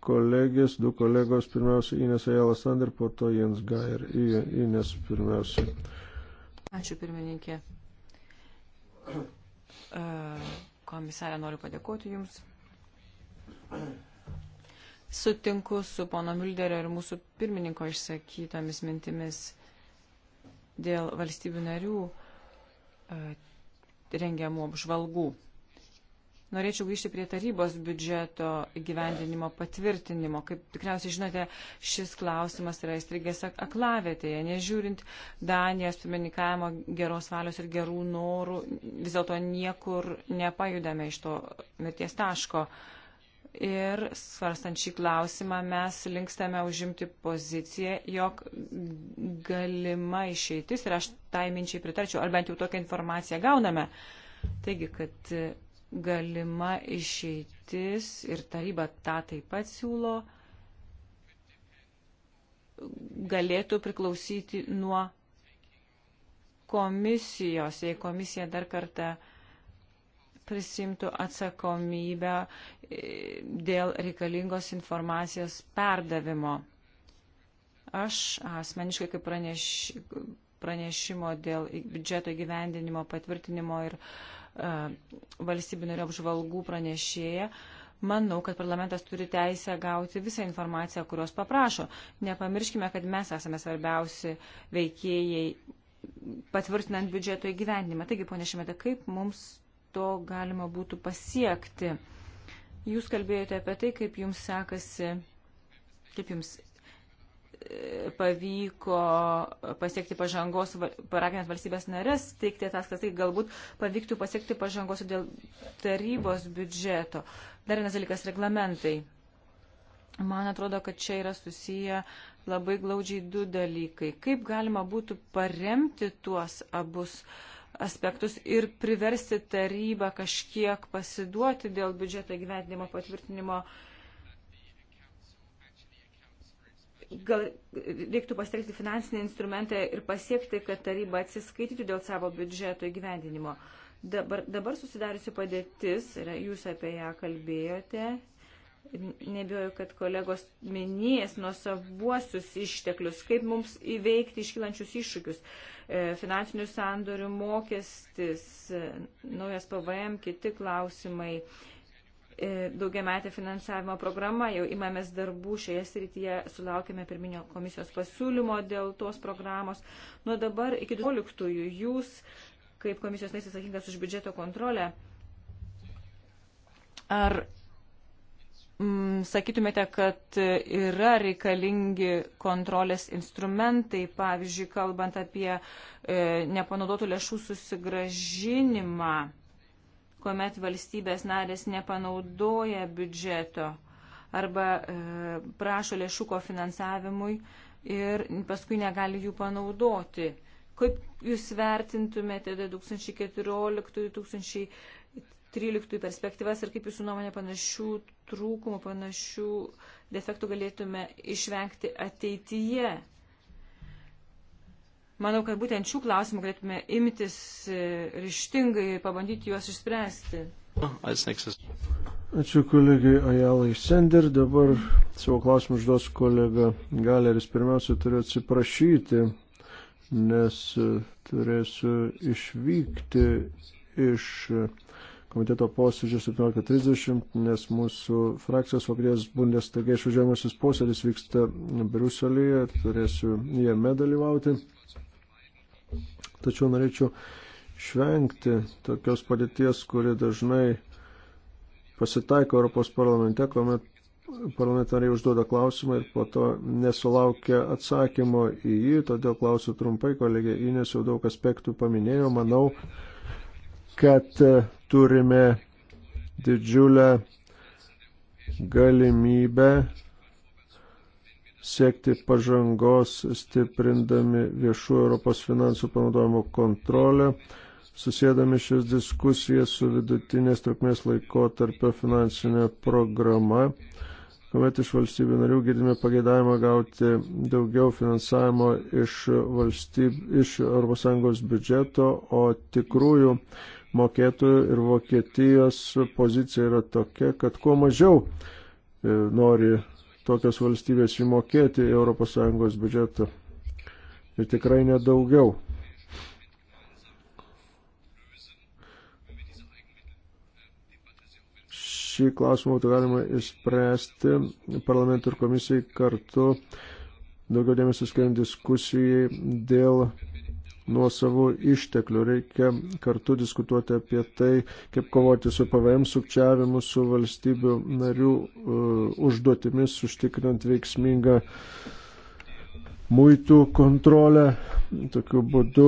kolegės, du kolegos, pirmiausia Ines Ajala Sander, po to Jens Gair. Ines pirmiausia. Ačiū pirmininkė. Komisarė, noriu padėkoti Jums. Sutinku su pono Milderio ir mūsų pirmininko išsakytomis mintimis dėl valstybių narių rengiamų apžvalgų. Norėčiau grįžti prie tarybos biudžeto gyvendinimo patvirtinimo. Kaip tikriausiai žinote, šis klausimas yra įstrigęs aklavėtėje. Nežiūrint Danijos pirmininkavimo geros valios ir gerų norų, vis dėlto niekur nepajudame iš to mirties taško. Ir svarstant šį klausimą mes linkstame užimti poziciją, jog galima išeitis, ir aš tai minčiai pritarčiau, ar bent jau tokią informaciją gauname. Taigi, kad galima išeitis ir taryba tą taip pat siūlo galėtų priklausyti nuo komisijos, jei komisija dar kartą prisimtų atsakomybę e, dėl reikalingos informacijos perdavimo. Aš asmeniškai kaip praneš, pranešimo dėl biudžeto gyvendinimo patvirtinimo ir uh, E, valstybių narių apžvalgų pranešėja. Manau, kad parlamentas turi teisę gauti visą informaciją, kurios paprašo. Nepamirškime, kad mes esame svarbiausi veikėjai patvirtinant biudžeto įgyvendimą. Taigi, ponė Šimeta, kaip mums to galima būtų pasiekti? Jūs kalbėjote apie tai, kaip jums sekasi, kaip jums pavyko pasiekti pažangos, paraginant valstybės narės teikti ataskaitas, tai galbūt pavyktų pasiekti pažangos dėl tarybos biudžeto. Dar vienas dalykas - reglamentai. Man atrodo, kad čia yra susiję labai glaudžiai du dalykai. Kaip galima būtų paremti tuos abus aspektus ir priversti tarybą kažkiek pasiduoti dėl biudžeto gyvenimo patvirtinimo uh, gal reiktų pasitelkti finansinį instrumentą ir pasiekti, kad taryba atsiskaitytų dėl savo biudžeto įgyvendinimo. Dabar, dabar susidariusi padėtis, jūs apie ją kalbėjote, nebijoju, kad kolegos minės nuo savuosius išteklius, kaip mums įveikti iškilančius iššūkius, e, finansinių sandorių mokestis, e, naujas PVM, kiti klausimai E, daugiametė finansavimo programa, jau imamės darbų šioje srityje, sulaukėme pirminio komisijos pasiūlymo dėl tos programos. Nuo dabar iki 12-ųjų jūs, kaip komisijos narys atsakingas už biudžeto kontrolę, ar mm, sakytumėte, kad yra reikalingi kontrolės instrumentai, pavyzdžiui, kalbant apie e, nepanaudotų lėšų susigražinimą? kuomet valstybės narės nepanaudoja biudžeto arba e, prašo lėšų kofinansavimui ir paskui negali jų panaudoti. Kaip jūs vertintumėte 2014-2013 perspektyvas ir kaip jūsų nuomonė panašių trūkumų, panašių defektų galėtume išvengti ateityje? Manau, kad būtent šių klausimų galėtume imtis e, ryštingai ir pabandyti juos išspręsti. Ačiū kolegai Ajalai Sender. Dabar savo klausimą užduos kolega Galeris. Pirmiausia, turiu atsiprašyti, nes e, turėsiu išvykti iš komiteto posėdžio 17.30, nes mūsų frakcijos Vokietijos bundestage išvažiuojamasis posėdis vyksta Briuselėje, turėsiu jame dalyvauti. Tačiau norėčiau švengti tokios padėties, kuri dažnai pasitaiko Europos parlamente, kuomet parlamentariai užduoda klausimą ir po to nesulaukia atsakymo į jį, todėl klausiu trumpai, kolegė Inės jau daug aspektų paminėjo, manau, kad e, turime didžiulę galimybę siekti pažangos, stiprindami viešų Europos finansų panaudojimo kontrolę, susėdami šias diskusijas su vidutinės trukmės laiko tarpio finansinė programa, kuomet iš valstybių narių girdime pageidavimą gauti daugiau finansavimo iš, valstyb, iš ES biudžeto, o tikrųjų mokėtojų ir Vokietijos pozicija yra tokia, kad kuo mažiau e, nori tokios valstybės įmokėti į ES biudžetą. Ir tikrai nedaugiau. Šį klausimą būtų galima išspręsti parlamentui ir komisijai kartu daugiau dėmesio skiriant diskusijai dėl nuo savų išteklių. Reikia kartu diskutuoti apie tai, kaip kovoti su PVM sukčiavimu, su valstybių narių e, užduotimis, užtikrinant veiksmingą muitų kontrolę. Tokiu būdu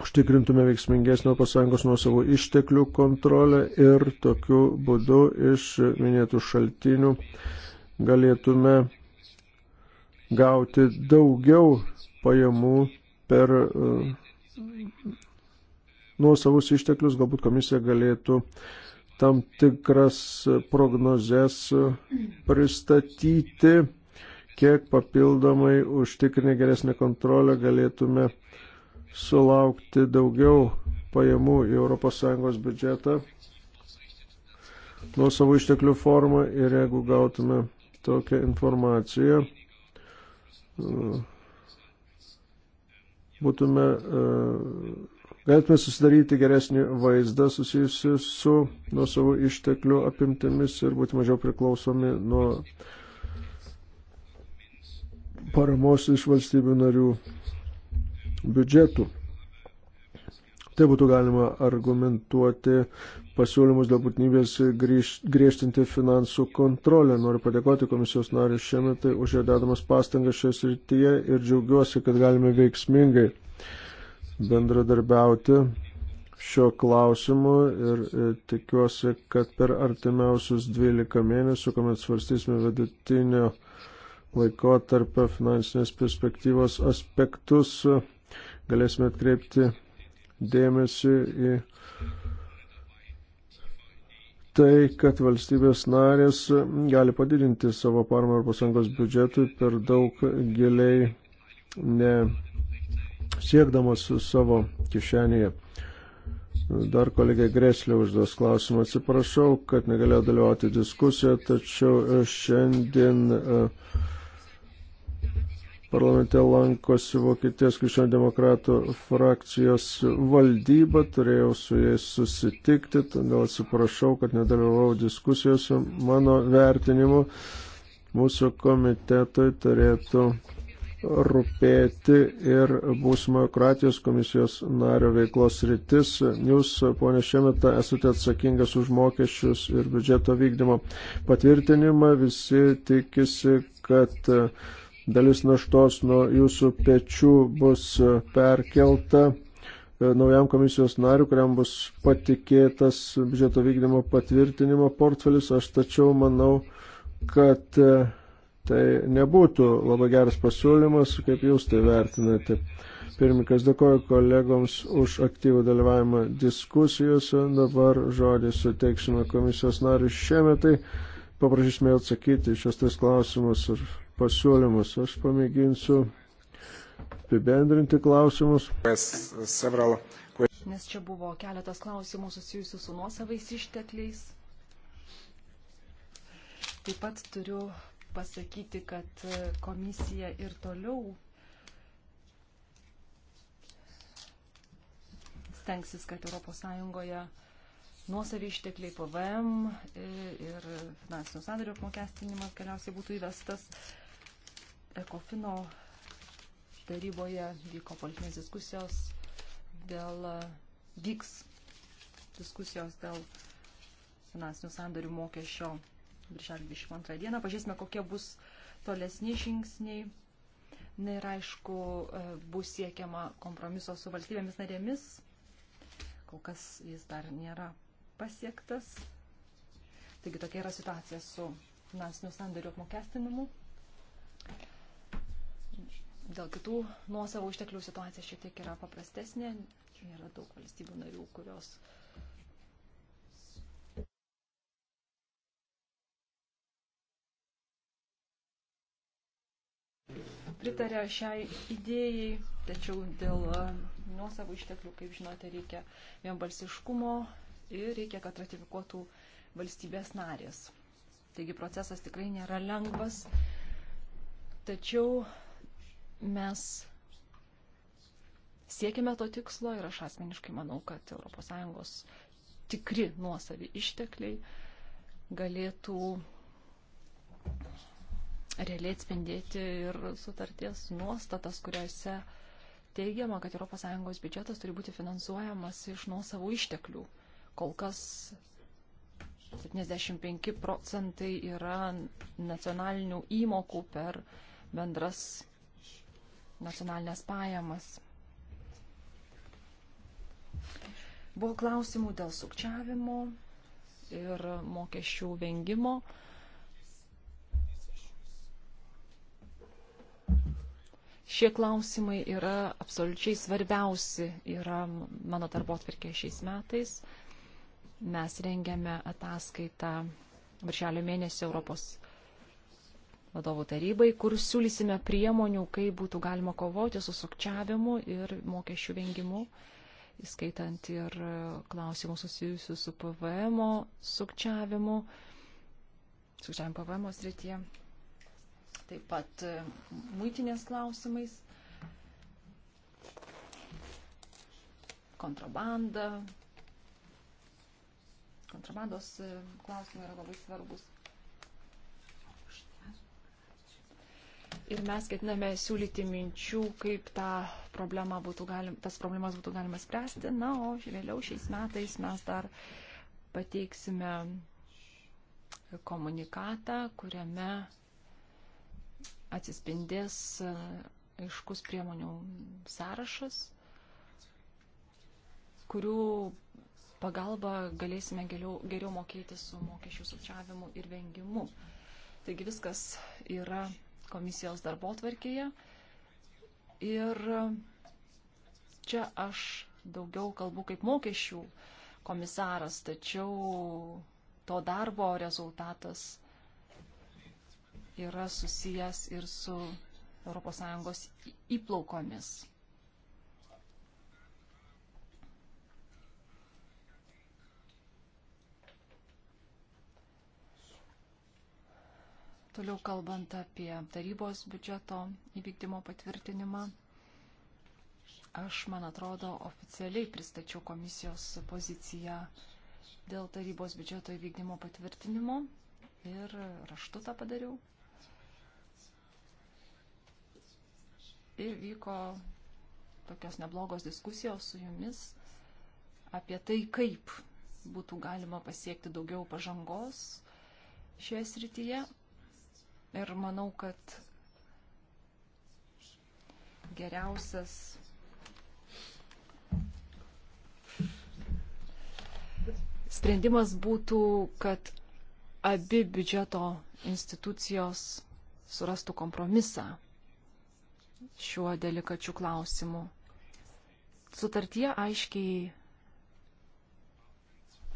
užtikrintume veiksmingesnio pasangos nuo savo išteklių kontrolę ir tokiu būdu iš minėtų šaltinių galėtume gauti daugiau pajamų per e, nuosavus išteklius, galbūt komisija galėtų tam tikras prognozes pristatyti, kiek papildomai užtikrinę geresnę kontrolę galėtume sulaukti daugiau pajamų į ES biudžetą nuo savo išteklių formą ir jeigu gautume tokią informaciją, e, būtume, e, galėtume susidaryti geresnį vaizdą susijusi su nuo savo išteklių apimtimis ir būti mažiau priklausomi nuo paramos iš valstybių narių biudžetų. Tai būtų galima argumentuoti pasiūlymus dėl būtinybės griežtinti finansų kontrolę. Noriu padėkoti komisijos nariu šiemet tai už jo dedamas pastangas šioje srityje ir džiaugiuosi, kad galime veiksmingai bendradarbiauti šio klausimu ir e, tikiuosi, kad per artimiausius 12 mėnesių, kuomet svarstysime vidutinio laiko tarp finansinės perspektyvos aspektus, galėsime atkreipti dėmesį į tai, kad valstybės narės gali padidinti savo paramą Europos Sąjungos biudžetui per daug giliai nesiekdamas savo kišenėje. Dar kolegė Greslė užduos klausimą. Atsiprašau, kad negalėjau dalyvauti diskusiją, tačiau šiandien uh, parlamente lankosi Vokietijos krikščionių demokratų frakcijos valdyba, turėjau su jais susitikti, todėl atsiprašau, kad nedalyvau diskusijose. Mano vertinimu mūsų komitetui turėtų rūpėti ir būsimojo Kroatijos komisijos nario veiklos rytis. Jūs, ponė Šemeta, esate atsakingas už mokesčius ir biudžeto vykdymo patvirtinimą. Visi tikisi, kad dalis naštos nuo jūsų pečių bus e, perkelta e, naujam komisijos nariu, kuriam bus patikėtas biudžeto vykdymo patvirtinimo portfelis. Aš tačiau manau, kad e, tai nebūtų labai geras pasiūlymas, kaip jūs tai vertinate. Pirmininkas dėkoju kolegoms už aktyvų dalyvavimą diskusijose. Dabar žodį suteiksime komisijos nariui šiemetai. Paprašysime atsakyti šios tris klausimus ir pasiūlymus. Aš pamėginsiu apibendrinti klausimus. Nes čia buvo keletas klausimų susijusių su nuosavais ištekliais. Taip pat turiu pasakyti, kad komisija ir toliau stengsis, kad ES nuosavį ištekliai PVM ir finansinių sandarių apmokestinimas galiausiai būtų įvestas. Ekofino taryboje vyko politinės diskusijos dėl, vyks diskusijos dėl finansinių sandorių mokesčio birželio 22 dieną. Pažiūrėsime, kokie bus tolesni žingsniai. Na ir aišku, e, bus siekiama kompromiso su valstybėmis narėmis. Kol kas jis dar nėra pasiektas. Taigi tokia yra situacija su finansinių sandorių apmokestinimu dėl kitų nuosavų išteklių situacija šiek tiek yra paprastesnė. Yra daug valstybių narių, kurios pritarė šiai idėjai, tačiau dėl e, nuosavų išteklių, kaip žinote, reikia vienbalsiškumo ir reikia, kad ratifikuotų valstybės narės. Taigi procesas tikrai nėra lengvas, tačiau Mes siekime to tikslo ir aš asmeniškai manau, kad ES tikri nuosavi ištekliai galėtų realiai atspindėti ir sutarties nuostatas, kuriuose teigiama, kad ES biudžetas turi būti finansuojamas iš nuosavų išteklių. Kol kas 75 procentai yra nacionalinių įmokų per bendras nacionalinės pajamas. Buvo klausimų dėl sukčiavimo ir mokesčių vengimo. Šie klausimai yra absoliučiai svarbiausi, yra mano darbo atvirkė šiais metais. Mes rengiame ataskaitą Varželio mėnesį Europos vadovų tarybai, kur siūlysime priemonių, kaip būtų galima kovoti su sukčiavimu ir mokesčių vengimu, įskaitant ir e, klausimus susijusius su PVM sukčiavimu, sukčiavimu PVM srityje, taip pat e, muitinės klausimais, kontrabanda. Kontrabandos e, klausimai yra labai svarbus. ir mes ketiname siūlyti minčių, kaip tą problemą būtų galim, tas problemas būtų galima spręsti. Na, o vėliau šiais metais mes dar pateiksime komunikatą, kuriame atsispindės aiškus priemonių sąrašas, kurių pagalba galėsime geriau, geriau mokėti su mokesčių sukčiavimu ir vengimu. Taigi viskas yra komisijos darbo tvarkėje. Ir čia aš daugiau kalbu kaip mokesčių komisaras, tačiau to darbo rezultatas yra susijęs ir su ES įplaukomis. Toliau kalbant apie tarybos biudžeto įvykdymo patvirtinimą, aš, man atrodo, oficialiai pristačiau komisijos poziciją dėl tarybos biudžeto įvykdymo patvirtinimo ir raštu tą padariau. Ir vyko tokios neblogos diskusijos su jumis apie tai, kaip būtų galima pasiekti daugiau pažangos šioje srityje. Ir manau, kad geriausias sprendimas būtų, kad abi biudžeto institucijos surastų kompromisą šiuo delikačiu klausimu. Sutartie aiškiai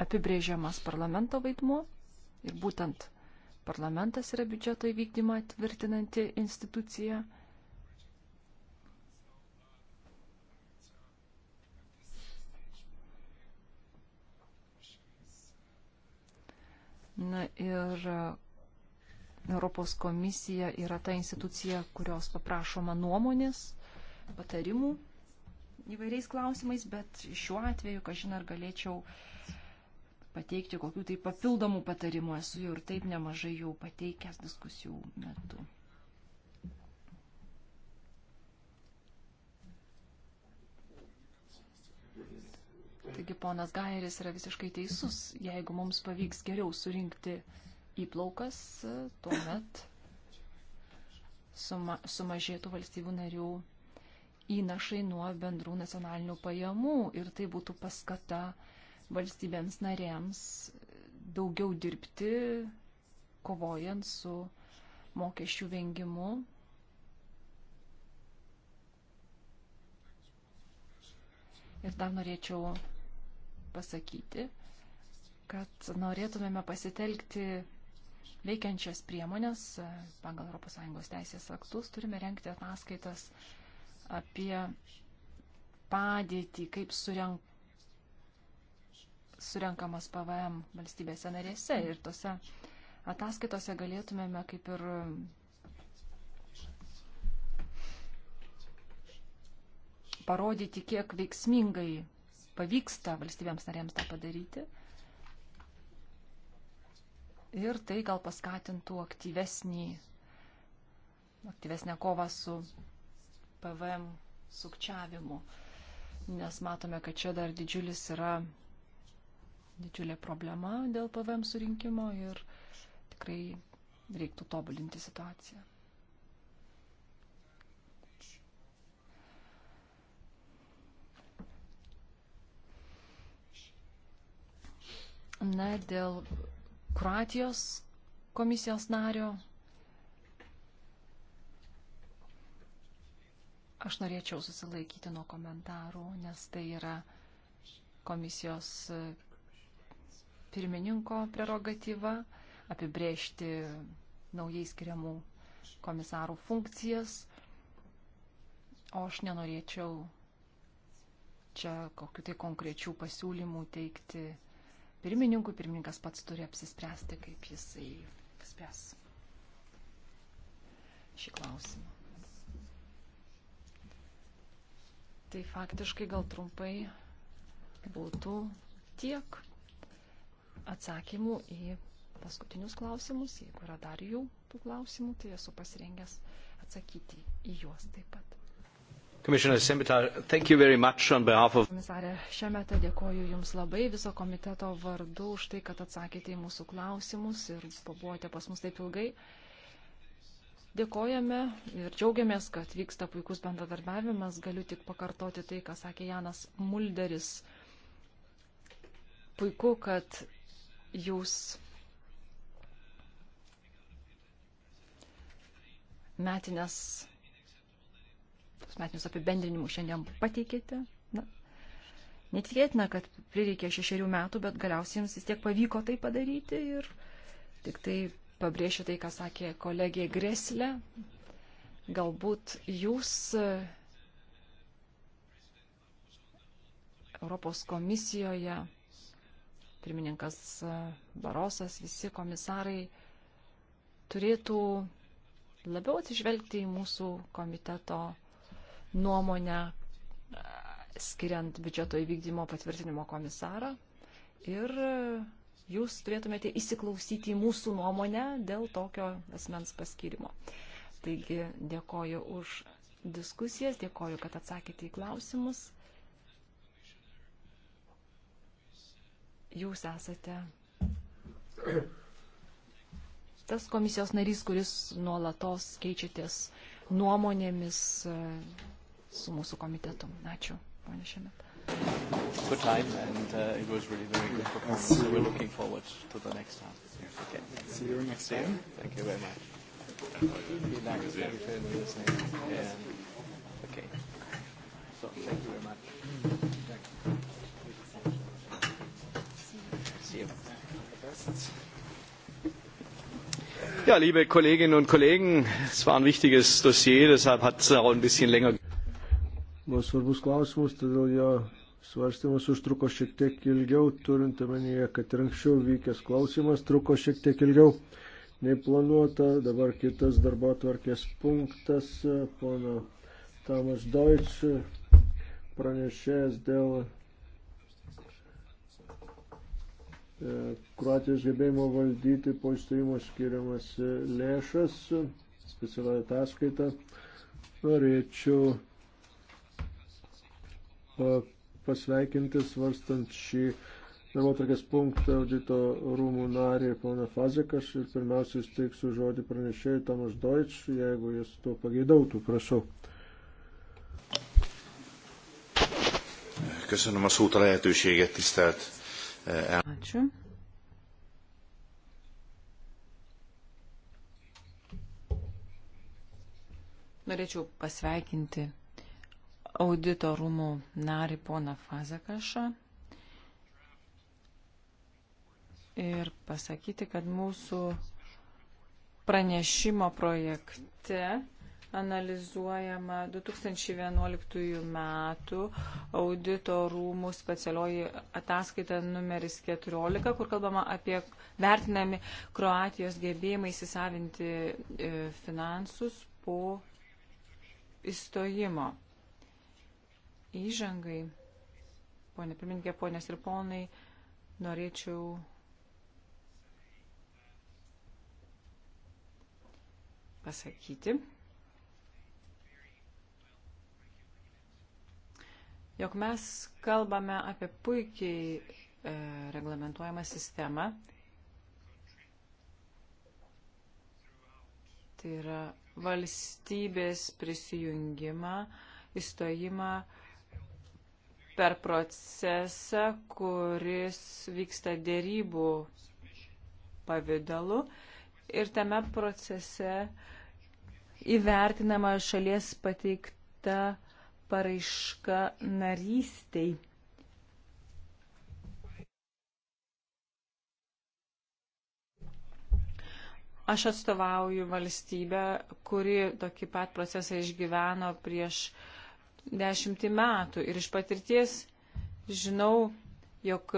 apibrėžiamas parlamento vaidmuo ir būtent Parlamentas yra biudžeto įvykdymą tvirtinanti institucija. Na ir e, Europos komisija yra ta institucija, kurios paprašoma nuomonės, patarimų įvairiais klausimais, bet šiuo atveju, kažin ar galėčiau uh, pateikti kokių tai papildomų patarimų. Esu jau ir taip nemažai jau pateikęs diskusijų metu. Taigi ponas Gairis yra visiškai teisus. Jeigu mums pavyks geriau surinkti įplaukas, tuomet suma, sumažėtų valstybių narių įnašai nuo bendrų nacionalinių pajamų ir tai būtų paskata uh, valstybėms narėms daugiau dirbti, kovojant su mokesčių vengimu. Ir dar norėčiau pasakyti, kad norėtumėme pasitelkti veikiančias priemonės e, pagal ES teisės aktus, turime renkti ataskaitas apie padėtį, kaip surenk, surenkamas PVM valstybėse narėse ir tose ataskaitose galėtumėme kaip ir parodyti, kiek veiksmingai pavyksta valstybėms narėms tą padaryti. Ir tai gal paskatintų aktyvesnį, aktyvesnę kovą su PVM sukčiavimu, nes matome, kad čia dar didžiulis yra didžiulė problema dėl PVM surinkimo ir tikrai reiktų tobulinti situaciją. Na, dėl Kroatijos komisijos nario Aš norėčiau susilaikyti nuo komentarų, nes tai yra komisijos pirmininko prerogatyva apibrėžti naujai skiriamų komisarų funkcijas. O aš nenorėčiau čia kokiu tai konkrečių pasiūlymų teikti pirmininkui. Pirmininkas pats turi apsispręsti, kaip jisai spręs šį klausimą. Tai faktiškai gal trumpai būtų tiek atsakymų į paskutinius klausimus. Jeigu yra dar jų tų klausimų, tai esu pasirengęs atsakyti į juos taip pat. Komisarė Šemeta, dėkoju Jums labai viso komiteto vardu už tai, kad atsakėte į mūsų klausimus ir pabuvote pas mus taip ilgai. Dėkojame ir džiaugiamės, kad vyksta puikus bendradarbiavimas. Galiu tik pakartoti tai, ką sakė Janas Mulderis. Puiku, kad jūs metinės, tos metinius apibendrinimus šiandien pateikėte. Na, netikėtina, kad prireikė šešerių metų, bet galiausiai jums vis tiek pavyko tai padaryti ir tik tai pabrėšiu tai, ką sakė kolegė Greslė. Galbūt jūs Europos komisijoje pirmininkas Barosas, visi komisarai turėtų labiau atsižvelgti į mūsų komiteto nuomonę, skiriant biudžeto įvykdymo patvirtinimo komisarą. Ir jūs turėtumėte įsiklausyti į mūsų nuomonę dėl tokio asmens paskirimo. Taigi dėkoju už diskusijas, dėkoju, kad atsakėte į klausimus. jūs esate tas komisijos narys, kuris nuolatos keičiatės nuomonėmis e, su mūsų komitetu. Ačiū, ponė Šemet. Good time, and uh, it was really very good performance. So we're looking forward to the next time. Okay. See you next time. See you. Thank you very much. Vielen Dank. Danke schön. Wiedersehen. Yeah. Okay. So, thank you very much. Ja, liebe Kolleginnen und Kollegen, es war ein wichtiges Dossier, deshalb hat es auch ein bisschen länger. Buvo svarbus klausimas, todėl jo svarstymas užtruko šiek tiek ilgiau, turint omenyje, kad ir anksčiau vykęs klausimas truko šiek tiek ilgiau nei planuota. Dabar kitas darbo tvarkės punktas, pono Tamas Deutsch pranešėjas dėl E, Kroatijos gebėjimo valdyti po įstojimo skiriamas e, lėšas, specialią ataskaitą. Norėčiau e, pasveikinti svarstant šį darbo tokias punktą audito rūmų narį poną Fazikas ir pirmiausiai steiksiu žodį pranešėjai Tomas Deutsch, jeigu jis to pageidautų, prašau. Köszönöm a szót a lehetőséget, tisztelt E, Ačiū. Norėčiau pasveikinti audito rūmų narį poną Fazakašą ir pasakyti, kad mūsų pranešimo projekte analizuojama 2011 metų audito rūmų specialioji ataskaita numeris 14, kur kalbama apie vertinami Kroatijos gebėjimai įsisavinti e, finansus po įstojimo. Įžangai, ponė pirmininkė, ponės ir ponai, norėčiau pasakyti, jog mes kalbame apie puikiai e, reglamentuojamą sistemą. Tai yra valstybės prisijungimą, įstojimą per procesą, kuris vyksta dėrybų pavydalu ir tame procese įvertinama šalies pateikta paraiška narystiai. Aš atstovauju valstybę, kuri tokį pat procesą išgyveno prieš dešimtį metų ir iš patirties žinau, jog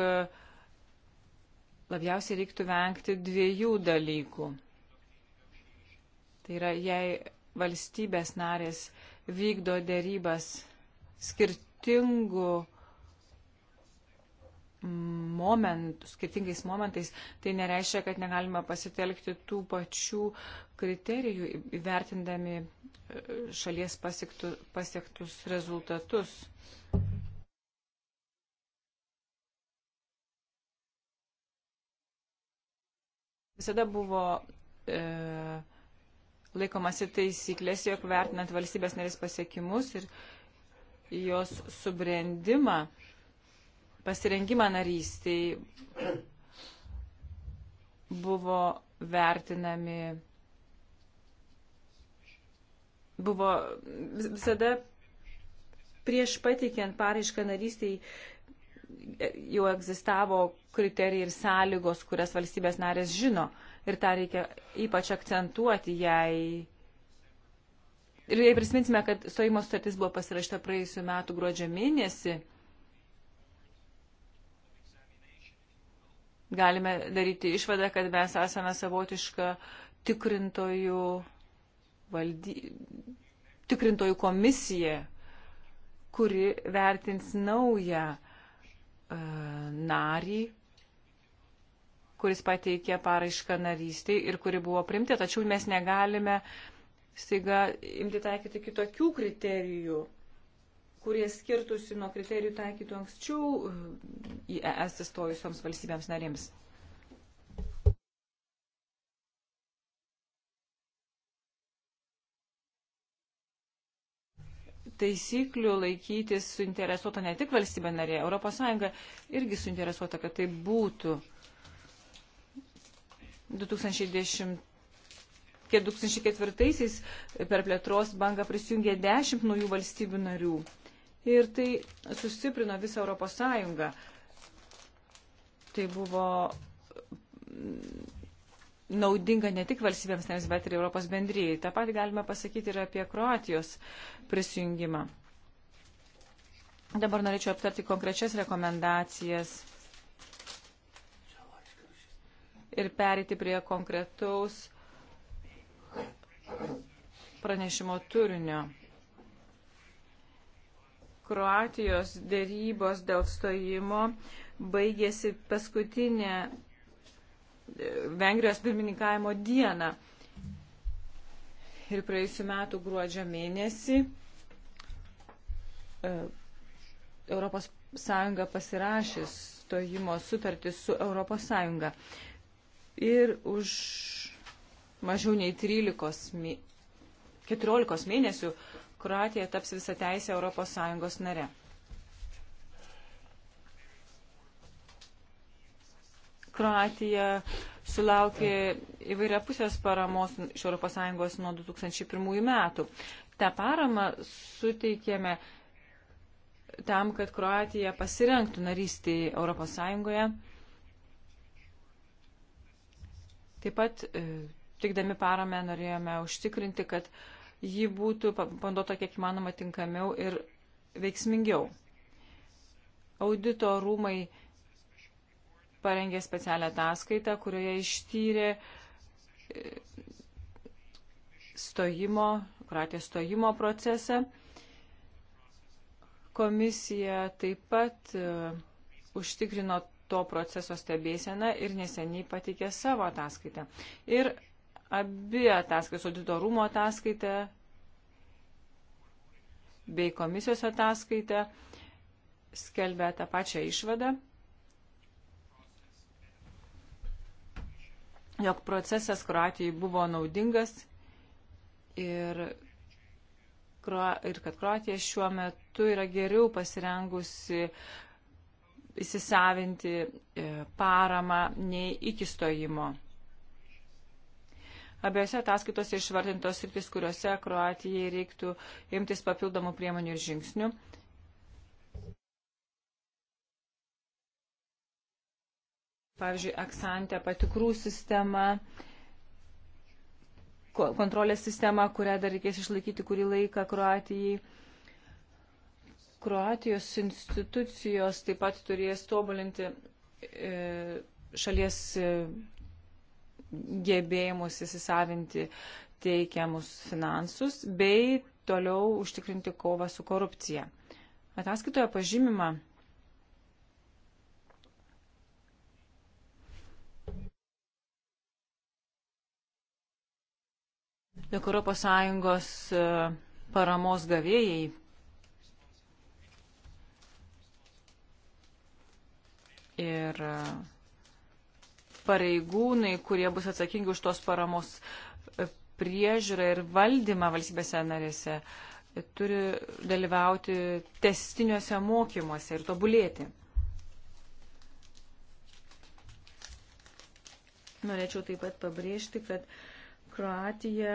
labiausiai reiktų vengti dviejų dalykų. Tai yra, jei valstybės narės vykdo dėrybas skirtingų momentų, skirtingais momentais, tai nereiškia, kad negalima pasitelkti tų pačių kriterijų įvertindami e, šalies pasiektų, pasiektus rezultatus. Visada buvo e, laikomasi taisyklės, jog vertinant valstybės narės pasiekimus ir jos subrendimą, pasirengimą narystiai buvo vertinami, buvo visada prieš patikiant paraišką narystiai e, jau egzistavo kriterijai ir sąlygos, kurias valstybės narės žino ir tą reikia ypač akcentuoti, jei. Ir jei prisiminsime, kad stojimo sutartis buvo pasirašta praėjusiu metu gruodžio mėnesį, galime daryti išvadą, kad mes esame savotiška tikrintojų, valdy... tikrintojų komisija, kuri vertins naują uh, narį kuris pateikė paraišką narystiai ir kuri buvo primti, tačiau mes negalime staiga imti taikyti kitokių kriterijų, kurie skirtusi nuo kriterijų taikytų anksčiau e, į ES įstojusioms valstybėms narėms. taisyklių laikytis suinteresuota ne tik valstybė narė, ES irgi suinteresuota, kad tai būtų. 2010 2004-aisiais per plėtros bangą prisijungė 10 naujų valstybių narių. Ir tai sustiprino visą Europos Sąjungą. Tai buvo mm, naudinga ne tik valstybėms, nes bet ir Europos bendryjai. Ta pat galime pasakyti ir apie Kroatijos prisijungimą. Dabar norėčiau aptarti konkrečias rekomendacijas ir perėti prie konkretaus pranešimo turinio. Kroatijos dėrybos dėl stojimo baigėsi paskutinę e, Vengrijos pirmininkavimo dieną. Ir praėjusiu metu gruodžio mėnesį e, Europos Sąjunga pasirašys stojimo sutartį su Europos Sąjunga ir už mažiau nei 13 mė... 14 mėnesių Kroatija taps visą teisę ES nare. Kroatija sulaukė įvairiapusės paramos iš ES nuo 2001 metų. Ta parama suteikėme tam, kad Kroatija pasirenktų narystį ES Taip pat, e, tikdami paramę, norėjome užtikrinti, kad ji būtų bandota kiek įmanoma tinkamiau ir veiksmingiau. Audito rūmai parengė specialią ataskaitą, kurioje ištyrė e, stojimo, Kroatijos stojimo procesą. Komisija taip pat e, užtikrino to proceso stebėseną ir neseniai patikė savo ataskaitę. Ir abi ataskaitos, auditorumo ataskaitę bei komisijos ataskaitę skelbia tą pačią išvadą, jog procesas Kroatijai buvo naudingas ir, ir kad Kroatija šiuo metu yra geriau pasirengusi įsisavinti e, paramą nei iki stojimo. Abiejose ataskaitose išvardintos sritis, kuriuose Kroatijai reiktų imtis papildomų priemonių ir žingsnių. Pavyzdžiui, eksantė patikrų sistema, kontrolės sistema, kurią dar reikės išlaikyti kurį laiką Kroatijai Kroatijos institucijos taip pat turės tobulinti e, šalies e, gebėjimus įsisavinti teikiamus finansus bei toliau užtikrinti kovą su korupcija. Ataskaitoje pažymima, jog ES e, paramos gavėjai ir pareigūnai, kurie bus atsakingi už tos paramos priežiūrą ir valdymą valstybėse narėse, turi dalyvauti testiniuose mokymuose ir tobulėti. Norėčiau taip pat pabrėžti, kad Kroatija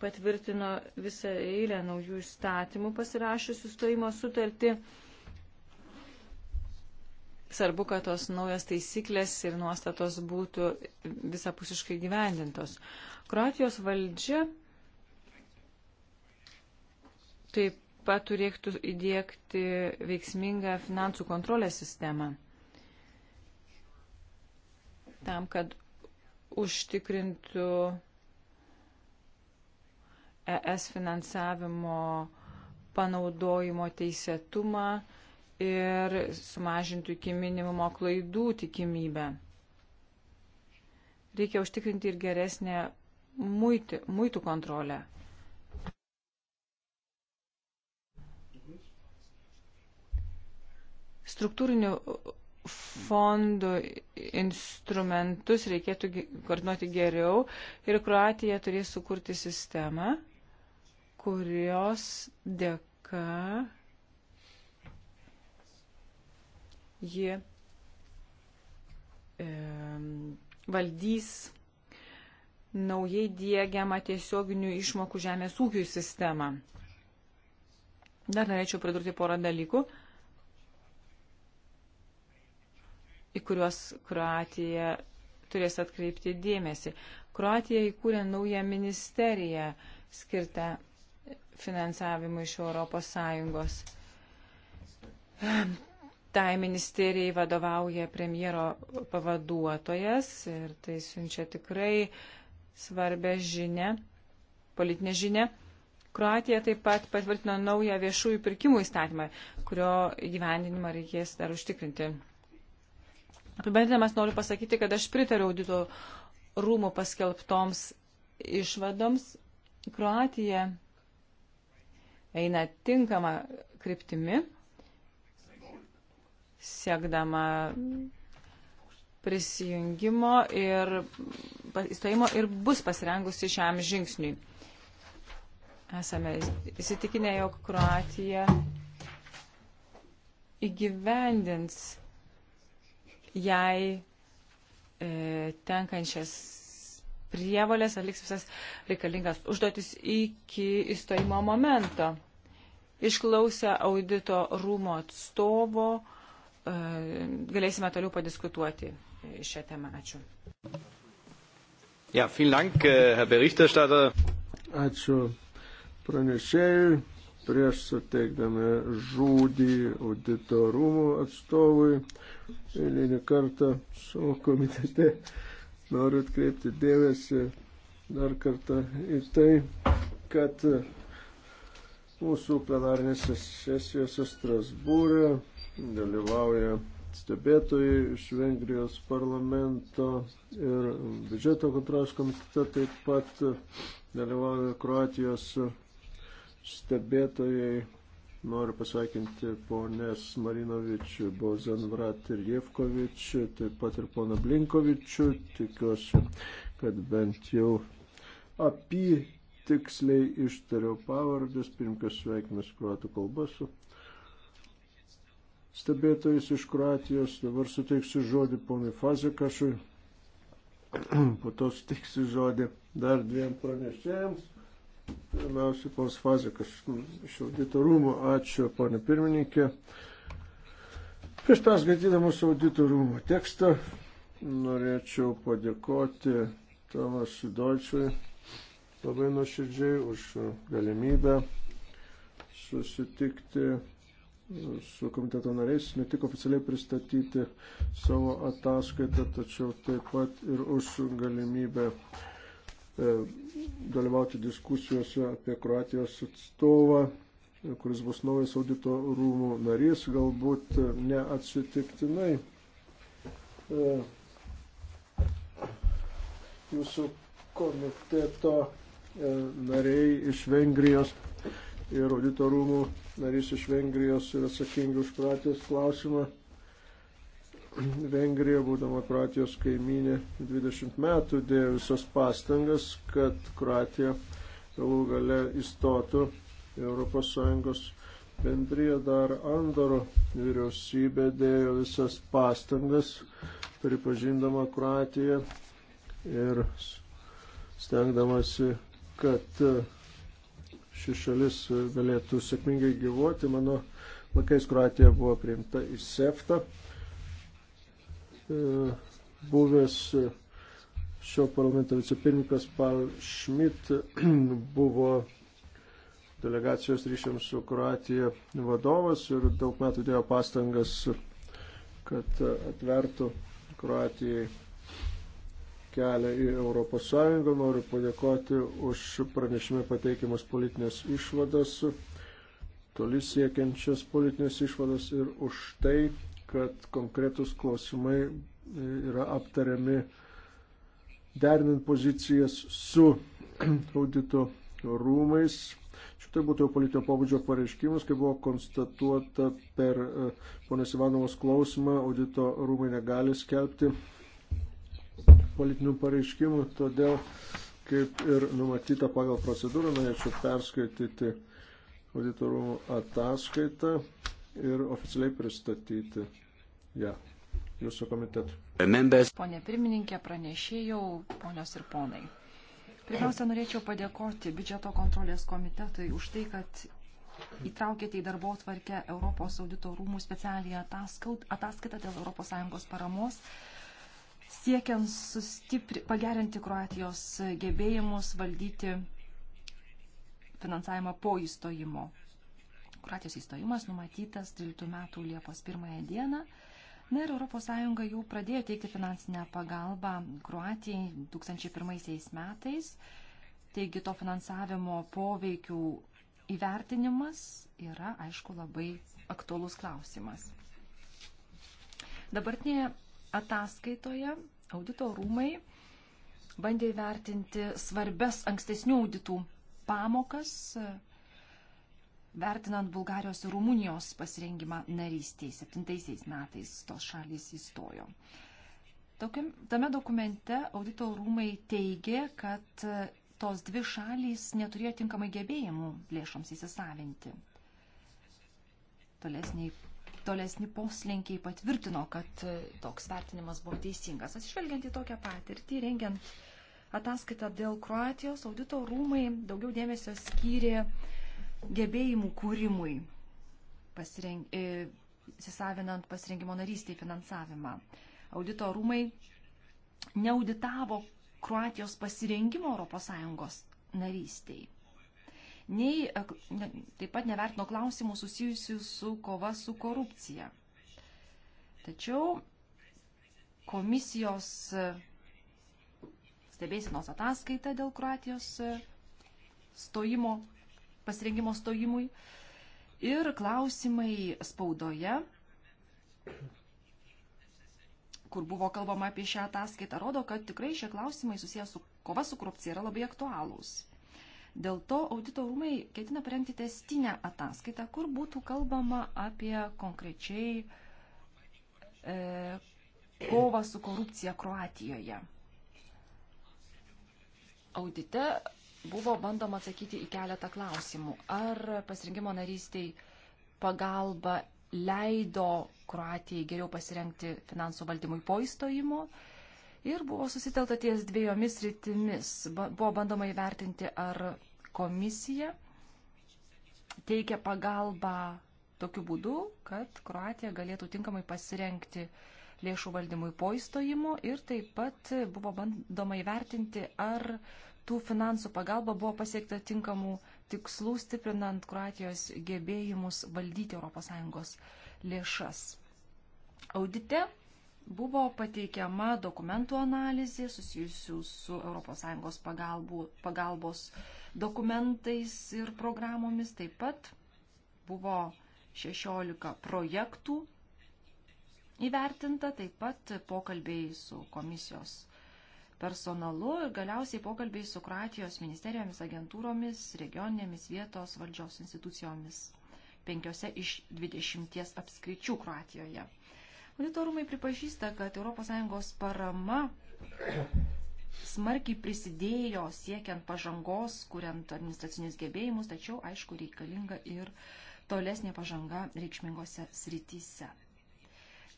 patvirtino visą eilę naujų įstatymų pasirašysių stojimo sutartį Svarbu, kad tos naujas taisyklės ir nuostatos būtų visapusiškai gyvendintos. Kroatijos valdžia taip pat turėtų įdėkti veiksmingą finansų kontrolės sistemą tam, kad užtikrintų ES finansavimo panaudojimo teisėtumą ir sumažintų iki minimumo klaidų tikimybę. Reikia užtikrinti ir geresnę muitį, muitų kontrolę. Struktūrinių fondų instrumentus reikėtų koordinuoti geriau ir Kroatija turės sukurti sistemą, kurios dėka ji e, valdys naujai dėgiamą tiesioginių išmokų žemės ūkių sistemą. Dar norėčiau pridurti porą dalykų, į kuriuos Kroatija turės atkreipti dėmesį. Kroatija įkūrė naują ministeriją skirtą finansavimui iš Europos Sąjungos tai ministerijai vadovauja premjero pavaduotojas ir tai siunčia tikrai svarbę žinę, politinę žinę. Kroatija taip pat patvirtino naują viešųjų pirkimų įstatymą, kurio gyvendinimą reikės dar užtikrinti. Apibendrinamas noriu pasakyti, kad aš pritariu audito rūmų paskelbtoms išvadoms. Kroatija eina tinkama kryptimi siekdama prisijungimo ir įstojimo ir bus pasirengusi šiam žingsniui. Esame įsitikinę, jog Kroatija įgyvendins jai e, tenkančias prievalės, atliks visas reikalingas užduotis iki įstojimo momento. Išklausę audito rūmo atstovo, E, galėsime toliau padiskutuoti šią temą. Ačiū. Ja, Dank, äh, Ačiū pranešėjui. Prieš suteikdami žodį auditorumų atstovui, eilinį kartą savo komitete noriu atkreipti dėmesį dar kartą į tai, kad mūsų plenarinėse sesijose Strasbūrė dalyvauja stebėtojai iš Vengrijos parlamento ir biudžeto kontrolės komitete taip pat dalyvauja Kroatijos stebėtojai. Noriu pasveikinti ponės Marinovič, Bozenvrat ir Jevkovič, taip pat ir poną Blinkovičių. Tikiuosi, kad bent jau apy tiksliai ištariau pavardės, pirmkas sveikinas kruatų kalba su stebėtojais iš Kroatijos. Dabar suteiksiu žodį ponui Fazekašui, po to suteiksiu žodį dar dviem pranešėjams. Pirmiausia, ponas Fazekas iš audito rūmų. Ačiū, ponė pirmininkė. Prieš perskaitydamas audito rūmų tekstą norėčiau padėkoti Tomas Sudočiui labai nuoširdžiai už galimybę susitikti su komiteto nariais, ne tik oficialiai pristatyti savo ataskaitą, tačiau taip pat ir už galimybę e, dalyvauti diskusijose apie Kroatijos atstovą, kuris bus naujas audito rūmų narys, galbūt neatsitiktinai. E, jūsų komiteto e, nariai iš Vengrijos ir auditorumų narys iš Vengrijos yra atsakingi už Kroatijos klausimą. Vengrija, būdama Kroatijos kaiminė, 20 metų dėjo visas pastangas, kad Kroatija galų gale įstotų ES bendryje dar Andoro vyriausybė dėjo visas pastangas, pripažindama Kroatiją ir stengdamasi, kad ši šalis galėtų sėkmingai gyvuoti. Mano laikais Kroatija buvo priimta į SEFTA. E, buvęs šio parlamento vicepirmininkas Paul Schmidt buvo delegacijos ryšiams su Kroatija vadovas ir daug metų dėjo pastangas, kad atvertų Kroatijai kelią į ES. Noriu padėkoti už pranešime pateikiamas politinės išvadas, toli siekiančias politinės išvadas ir už tai, kad konkretus klausimai yra aptariami derinant pozicijas su audito rūmais. Šitai būtų jau politinio pobūdžio pareiškimas, kai buvo konstatuota per e, ponės Ivanovos klausimą, audito rūmai negali skelbti politinių pareiškimų, todėl, kaip ir numatyta pagal procedūrą, norėčiau perskaityti auditorumų ataskaitą ir oficialiai pristatyti ją ja, jūsų komitetu. Pone pirmininkė, pranešėjau, ponios ir ponai. Pirmiausia, norėčiau padėkoti biudžeto kontrolės komitetui už tai, kad įtraukėte į darbo tvarkę Europos audito rūmų specialiją ataskaitą dėl ES paramos siekiant sustipri, pagerinti Kroatijos gebėjimus valdyti finansavimą po įstojimo. Kroatijos įstojimas numatytas 13 metų Liepos 1 dieną. Na ir ES jau pradėjo teikti finansinę pagalbą Kroatijai 2001 metais. Taigi to finansavimo poveikių įvertinimas yra, aišku, labai aktuolus klausimas. Dabartinėje ataskaitoje audito rūmai bandė įvertinti svarbes ankstesnių auditų pamokas, vertinant Bulgarijos ir Rumunijos pasirengimą narystiai. Septintaisiais metais tos šalys įstojo. Tokiam, tame dokumente audito rūmai teigė, kad tos dvi šalys neturėjo tinkamai gebėjimų lėšoms įsisavinti. Tolesniai tolesni poslinkiai patvirtino, kad e, toks vertinimas buvo teisingas. Atsižvelgiant į tokią patirtį, rengiant ataskaitą dėl Kroatijos, audito rūmai daugiau dėmesio skyrė gebėjimų kūrimui, pasireng, e, įsisavinant pasirengimo narystį finansavimą. Audito rūmai neauditavo Kroatijos pasirengimo ES narystiai nei e, taip pat nevertino klausimų susijusių su kova su korupcija. Tačiau komisijos e, stebėsinos ataskaita dėl Kroatijos e, stojimo, pasirengimo stojimui ir klausimai spaudoje kur buvo kalbama apie šią ataskaitą, rodo, kad tikrai šie klausimai susijęs su kova su korupcija yra labai aktualūs. Dėl to audito rūmai ketina parengti testinę ataskaitą, kur būtų kalbama apie konkrečiai e, kovą su korupcija Kroatijoje. Audite buvo bandoma atsakyti į keletą klausimų. Ar pasirinkimo narystiai pagalba leido Kroatijai geriau pasirengti finansų valdymui po įstojimo? ir buvo susitelta ties dviejomis rytimis. Buvo bandoma įvertinti, ar komisija teikia pagalbą tokiu būdu, kad Kroatija galėtų tinkamai pasirenkti lėšų valdymui po įstojimo ir taip pat buvo bandoma įvertinti, ar tų finansų pagalba buvo pasiekta tinkamų tikslų, stiprinant Kroatijos gebėjimus valdyti ES lėšas. Audite Buvo pateikiama dokumentų analizė susijusių su ES pagalbų, pagalbos dokumentais ir programomis. Taip pat buvo 16 projektų įvertinta, taip pat pokalbiai su komisijos personalu ir galiausiai pokalbiai su Kroatijos ministerijomis, agentūromis, regioninėmis vietos valdžios institucijomis penkiose iš dvidešimties apskričių Kroatijoje. Auditorumai pripažįsta, kad ES parama smarkiai prisidėjo siekiant pažangos, kuriant administracinius gebėjimus, tačiau, aišku, reikalinga ir tolesnė pažanga reikšmingose srityse.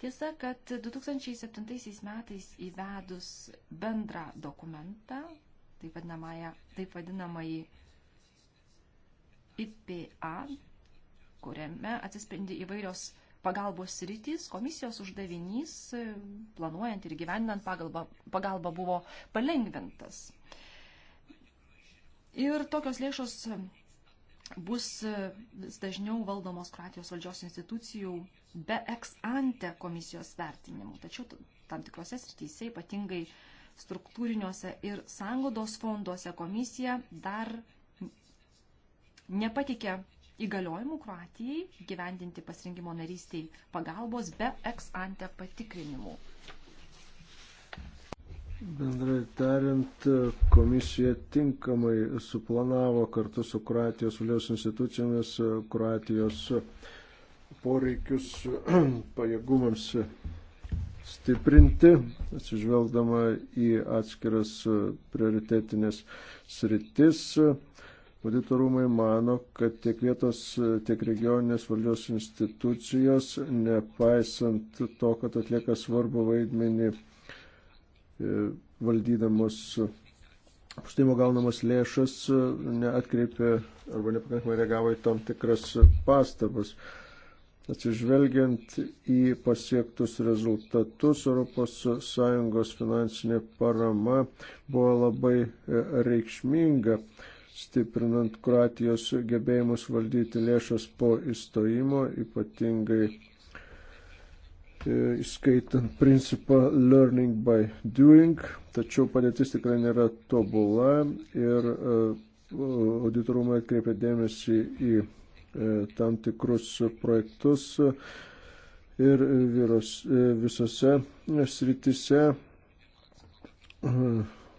Tiesa, kad 2007 metais įvedus bendrą dokumentą, taip, taip vadinamąjį IPA, kuriame atsispindi įvairios pagalbos rytis, komisijos uždavinys, e, planuojant ir gyvendant pagalbą, pagalbą buvo palengvintas. Ir tokios lėšos bus e, vis dažniau valdomos Kroatijos valdžios institucijų be ex ante komisijos vertinimų. Tačiau tam tikrose srityse, ypatingai struktūriniuose ir sangodos fonduose komisija dar nepatikė įgaliojimų Kroatijai gyvendinti pasirinkimo narystiai pagalbos be ex ante patikrinimų. Bendrai tariant, komisija tinkamai suplanavo kartu su Kroatijos valios institucijomis Kroatijos poreikius pajėgumams stiprinti, atsižvelgdama į atskiras prioritetinės sritis. Auditorumai mano, kad tiek vietos, tiek regioninės valdžios institucijos, nepaisant to, kad atlieka svarbu vaidmenį e, valdydamos apštimo gaunamas lėšas, e, neatkreipė arba nepakankamai reagavo į tam tikras pastabas. Atsižvelgiant į pasiektus rezultatus, ES finansinė parama buvo labai e, reikšminga stiprinant Kroatijos gebėjimus valdyti lėšas po įstojimo, ypatingai e, įskaitant principą learning by doing, tačiau padėtis tikrai nėra tobula ir e, auditorumai atkreipia dėmesį į e, tam tikrus projektus ir vyros, visose sritise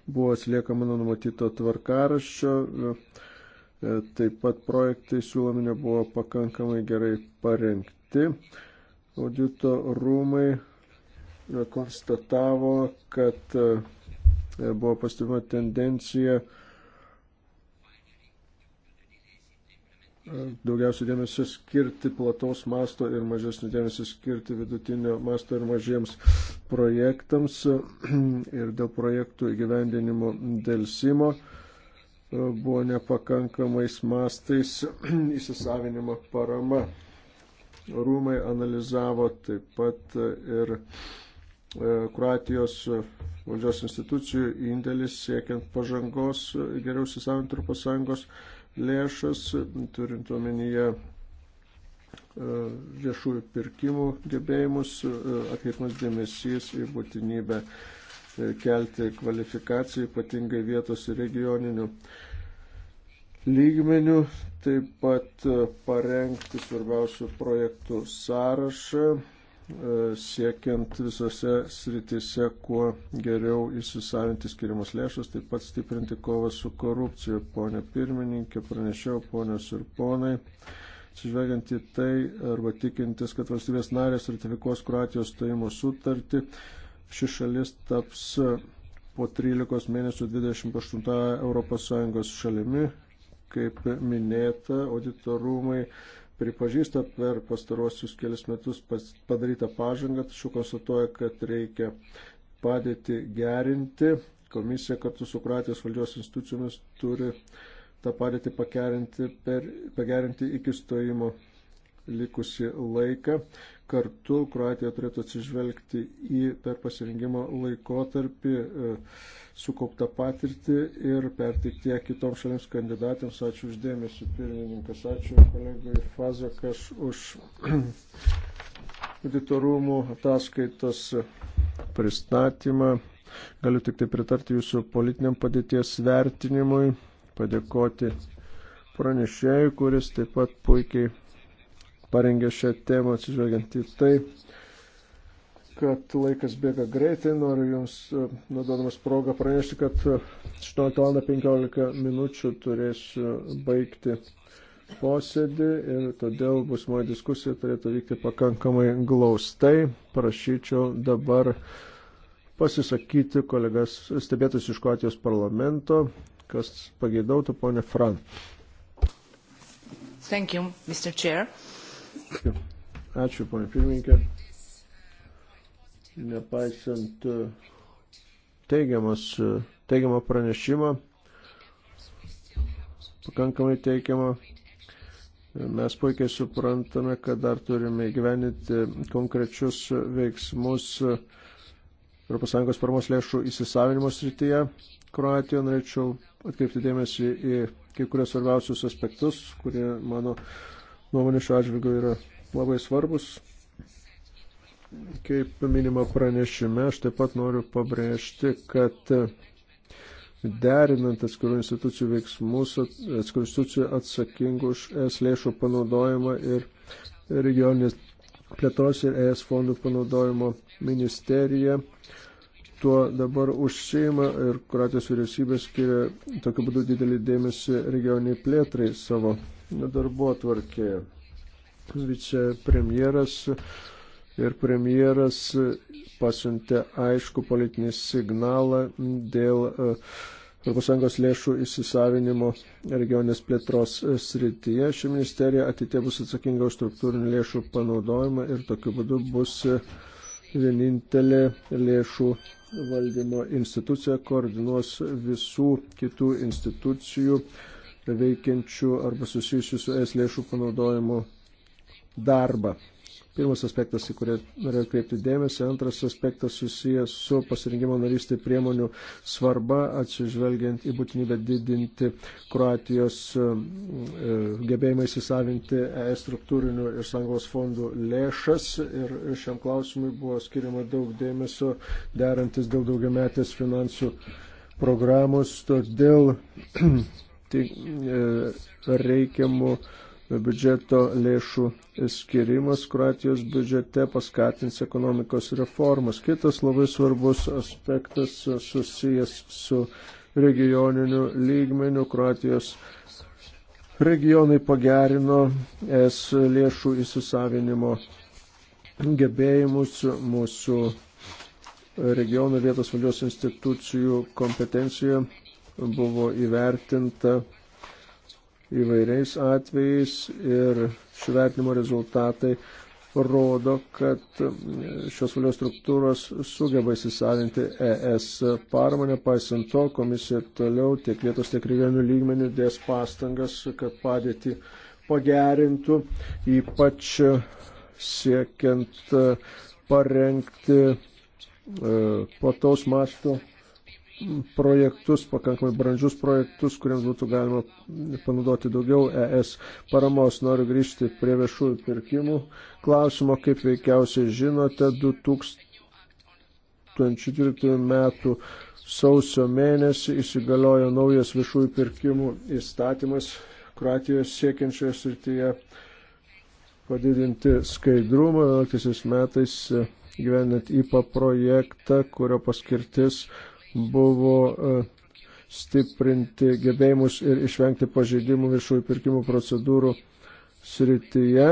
buvo atliekama nuo numatyto tvarkaraščio. E, taip pat projektai siūlomi nebuvo pakankamai gerai parengti. Audito rūmai e, konstatavo, kad e, buvo pastebima tendencija daugiausiai dėmesio skirti plataus masto ir mažesnį dėmesį skirti vidutinio masto ir mažiems projektams ir dėl projektų įgyvendinimo dėlsimo e, buvo nepakankamais mastais įsisavinimo parama. Rūmai analizavo taip pat e, ir e, Kroatijos valdžios institucijų indėlis siekiant pažangos geriau įsisavinti Europos Sąjungos lėšas, turint omenyje e, viešųjų pirkimų gebėjimus, e, atkreipimas dėmesys į būtinybę e, kelti kvalifikaciją, ypatingai vietos ir regioninių lygmenių, taip pat parengti svarbiausių projektų sąrašą E, siekiant visose sritise kuo geriau įsisavinti skiriamas lėšas, taip pat stiprinti kovą su korupcija. Pone pirmininkė, pranešiau, ponios ir ponai, atsižvelgiant į tai arba tikintis, kad valstybės narės ratifikuos Kroatijos stojimo sutartį, ši šalis taps po 13 mėnesių 28 ES šalimi, kaip minėta, auditorumai rūmai pripažįsta per pastaruosius kelius metus padarytą pažangą, tačiau konstatuoja, kad reikia padėti gerinti. Komisija kartu su Kroatijos valdžios institucijomis turi tą padėtį pagerinti, per, pagerinti iki stojimo likusi laiką kartu Kroatija turėtų atsižvelgti į per pasirinkimo laikotarpį e, sukauptą patirtį ir perteikti ją kitoms šalims kandidatėms. Ačiū uždėmesi, pirmininkas. Ačiū kolegai Fazakas už auditorumų ataskaitos pristatymą. Galiu tik tai pritarti jūsų politiniam padėties vertinimui, padėkoti pranešėjui, kuris taip pat puikiai parengė šią temą atsižvelgiant į tai, kad laikas bėga greitai. Noriu Jums, e, nuododamas progą, pranešti, kad 18.15 minučių turėsiu e, baigti posėdį ir todėl busmoji diskusija turėtų vykti pakankamai glaustai. Prašyčiau dabar pasisakyti kolegas stebėtus iš Škotijos parlamento, kas pageidautų, ponė Fran. Thank you, Mr. Chair. Ačiū, ponė pirmininkė. Nepaisant e, teigiamas, e, teigiamą pranešimą, pakankamai teigiamą, e, mes puikiai suprantame, kad dar turime įgyveninti konkrečius veiksmus ES paramos lėšų įsisavinimo srityje. Kroatijoje norėčiau atkreipti dėmesį į kai kurios svarbiausius aspektus, kurie mano nuomonė šiuo atžvilgiu yra labai svarbus. Kaip minima pranešime, aš taip pat noriu pabrėžti, kad derinant atskirų institucijų veiksmus, atskirų institucijų atsakingų už ES lėšų panaudojimą ir regioninės plėtros ir ES fondų panaudojimo ministerija. Tuo dabar užsieima ir Kroatijos vyriausybė skiria tokiu būdu didelį dėmesį regioniai plėtrai savo darbo atvarkėje. Vicepremjeras ir premjeras pasiuntė aišku politinį signalą dėl ES lėšų įsisavinimo regionės plėtros srityje. Ši ministerija ateitie bus atsakinga už struktūrinį lėšų panaudojimą ir tokiu būdu bus vienintelė lėšų valdymo institucija, koordinuos visų kitų institucijų uh, veikiančių arba susijusių su es lėšų panaudojimu darbą. Pirmas aspektas, į kurį norėjau kreipti dėmesį, antras aspektas susijęs su pasirinkimo narystė priemonių svarba, atsižvelgiant į būtinybę didinti Kroatijos e, gebėjimą įsisavinti ES struktūrinių ir sąjungos fondų lėšas. Ir šiam klausimui buvo skiriama daug dėmesio derantis dėl daugiametės finansų programos, todėl siekti e, reikiamų biudžeto lėšų skirimas Kroatijos biudžete paskatins ekonomikos reformas. Kitas labai svarbus aspektas susijęs su regioniniu lygmeniu. Kroatijos regionai pagerino es lėšų įsisavinimo gebėjimus mūsų regionų vietos valdžios institucijų kompetencijoje buvo įvertinta įvairiais atvejais ir šių vertinimo rezultatai rodo, kad šios valios struktūros sugeba įsisavinti ES paramą, nepaisant to, komisija toliau tiek vietos, tiek regionų lygmenių dės pastangas, kad padėtį pagerintų, ypač siekiant parengti e, plataus masto projektus, pakankamai brandžius projektus, kuriems būtų galima panaudoti daugiau ES paramos. Noriu grįžti prie viešųjų pirkimų klausimo. Kaip veikiausiai žinote, 2013 metų sausio mėnesį įsigaliojo naujas viešųjų pirkimų įstatymas Kroatijos siekiančioje srityje padidinti skaidrumą. 11 metais gyvenant IPA projektą, kurio paskirtis buvo e, stiprinti gebėjimus ir išvengti pažeidimų viešųjų pirkimų procedūrų srityje.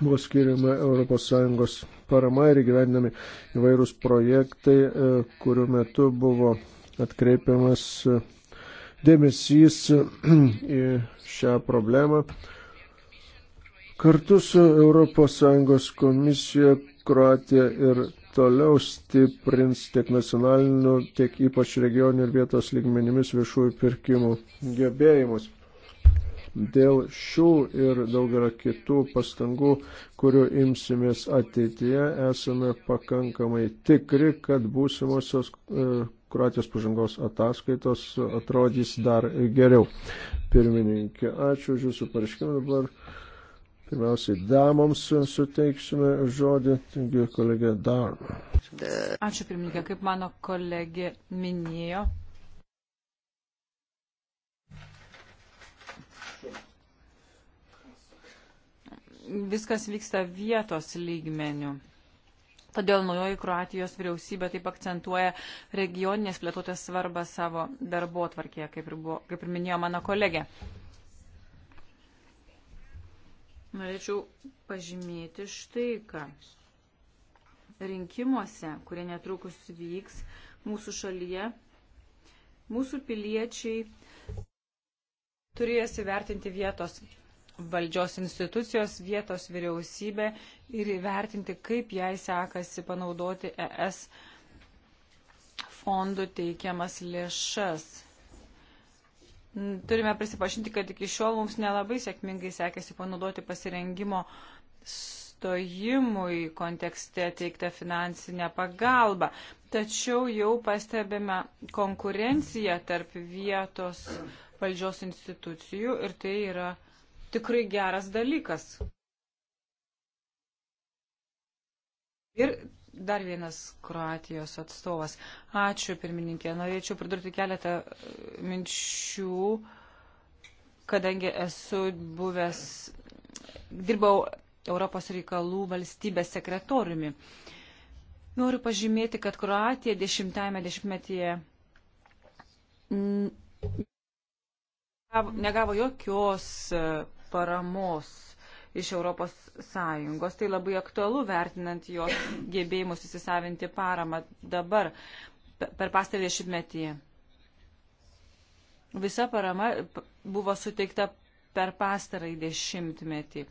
Buvo skiriama ES parama ir įgyvendinami įvairūs projektai, e, kurių metu buvo atkreipiamas e, dėmesys į šią problemą. Kartu su ES komisija Kroatija ir toliau stiprins tiek nacionalinių, tiek ypač regioninių ir vietos lygmenimis viešųjų pirkimų gebėjimus. Dėl šių ir daugelio kitų pastangų, kurių imsimės ateityje, esame pakankamai tikri, kad būsimosios e, Kroatijos pažangos ataskaitos atrodys dar geriau. Pirmininkė, ačiū už Jūsų pareiškimą dabar. Pirmiausiai damoms suteiksime žodį, taigi kolegė dar. Ačiū pirmininkė, kaip mano kolegė minėjo. Viskas vyksta vietos lygmenių. Todėl naujoji Kroatijos vyriausybė taip akcentuoja regioninės plėtotės svarbą savo darbo tvarkėje, kaip ir, buvo, kaip ir minėjo mano kolegė. Norėčiau pažymėti štai ką. Rinkimuose, kurie netrukus vyks mūsų šalyje, mūsų piliečiai turės įvertinti vietos valdžios institucijos, vietos vyriausybę ir įvertinti, kaip jai sekasi panaudoti ES fondų teikiamas lėšas Turime prisipažinti, kad iki šiol mums nelabai sėkmingai sekėsi panaudoti pasirengimo stojimui kontekste teiktą finansinę pagalbą. Tačiau jau pastebime konkurenciją tarp vietos valdžios institucijų ir tai yra tikrai geras dalykas. Ir dar vienas Kroatijos atstovas. Ačiū, pirmininkė. Norėčiau pridurti keletą e, minčių, kadangi esu buvęs, dirbau Europos reikalų valstybės sekretoriumi. Noriu pažymėti, kad Kroatija dešimtajame dešimtmetyje negavo jokios e, paramos iš ES. Tai labai aktualu vertinant jos gebėjimus įsisavinti paramą dabar, per pastarį dešimtmetį. Visa parama buvo suteikta per pastarąjį dešimtmetį.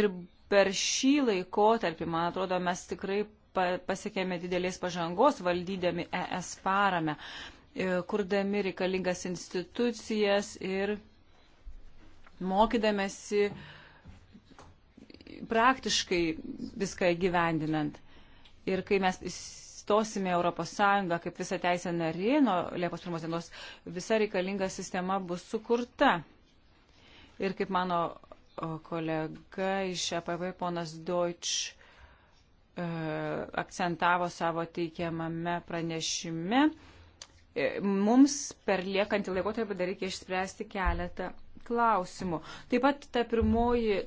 Ir per šį laikotarpį, man atrodo, mes tikrai pasiekėme didelės pažangos valdydami ES paramę, e, kurdami reikalingas institucijas ir mokydamėsi uh, praktiškai viską įgyvendinant. Ir kai mes įstosime Europos Sąjungą kaip visą teisę narį nuo Liepos pirmos dienos, visa reikalinga sistema bus sukurta. Ir kaip mano kolega iš APV ponas Deutsch e, akcentavo savo teikiamame pranešime, e, mums per liekantį laikotarpį dar reikia išspręsti keletą klausimų. Taip pat ta pirmoji e,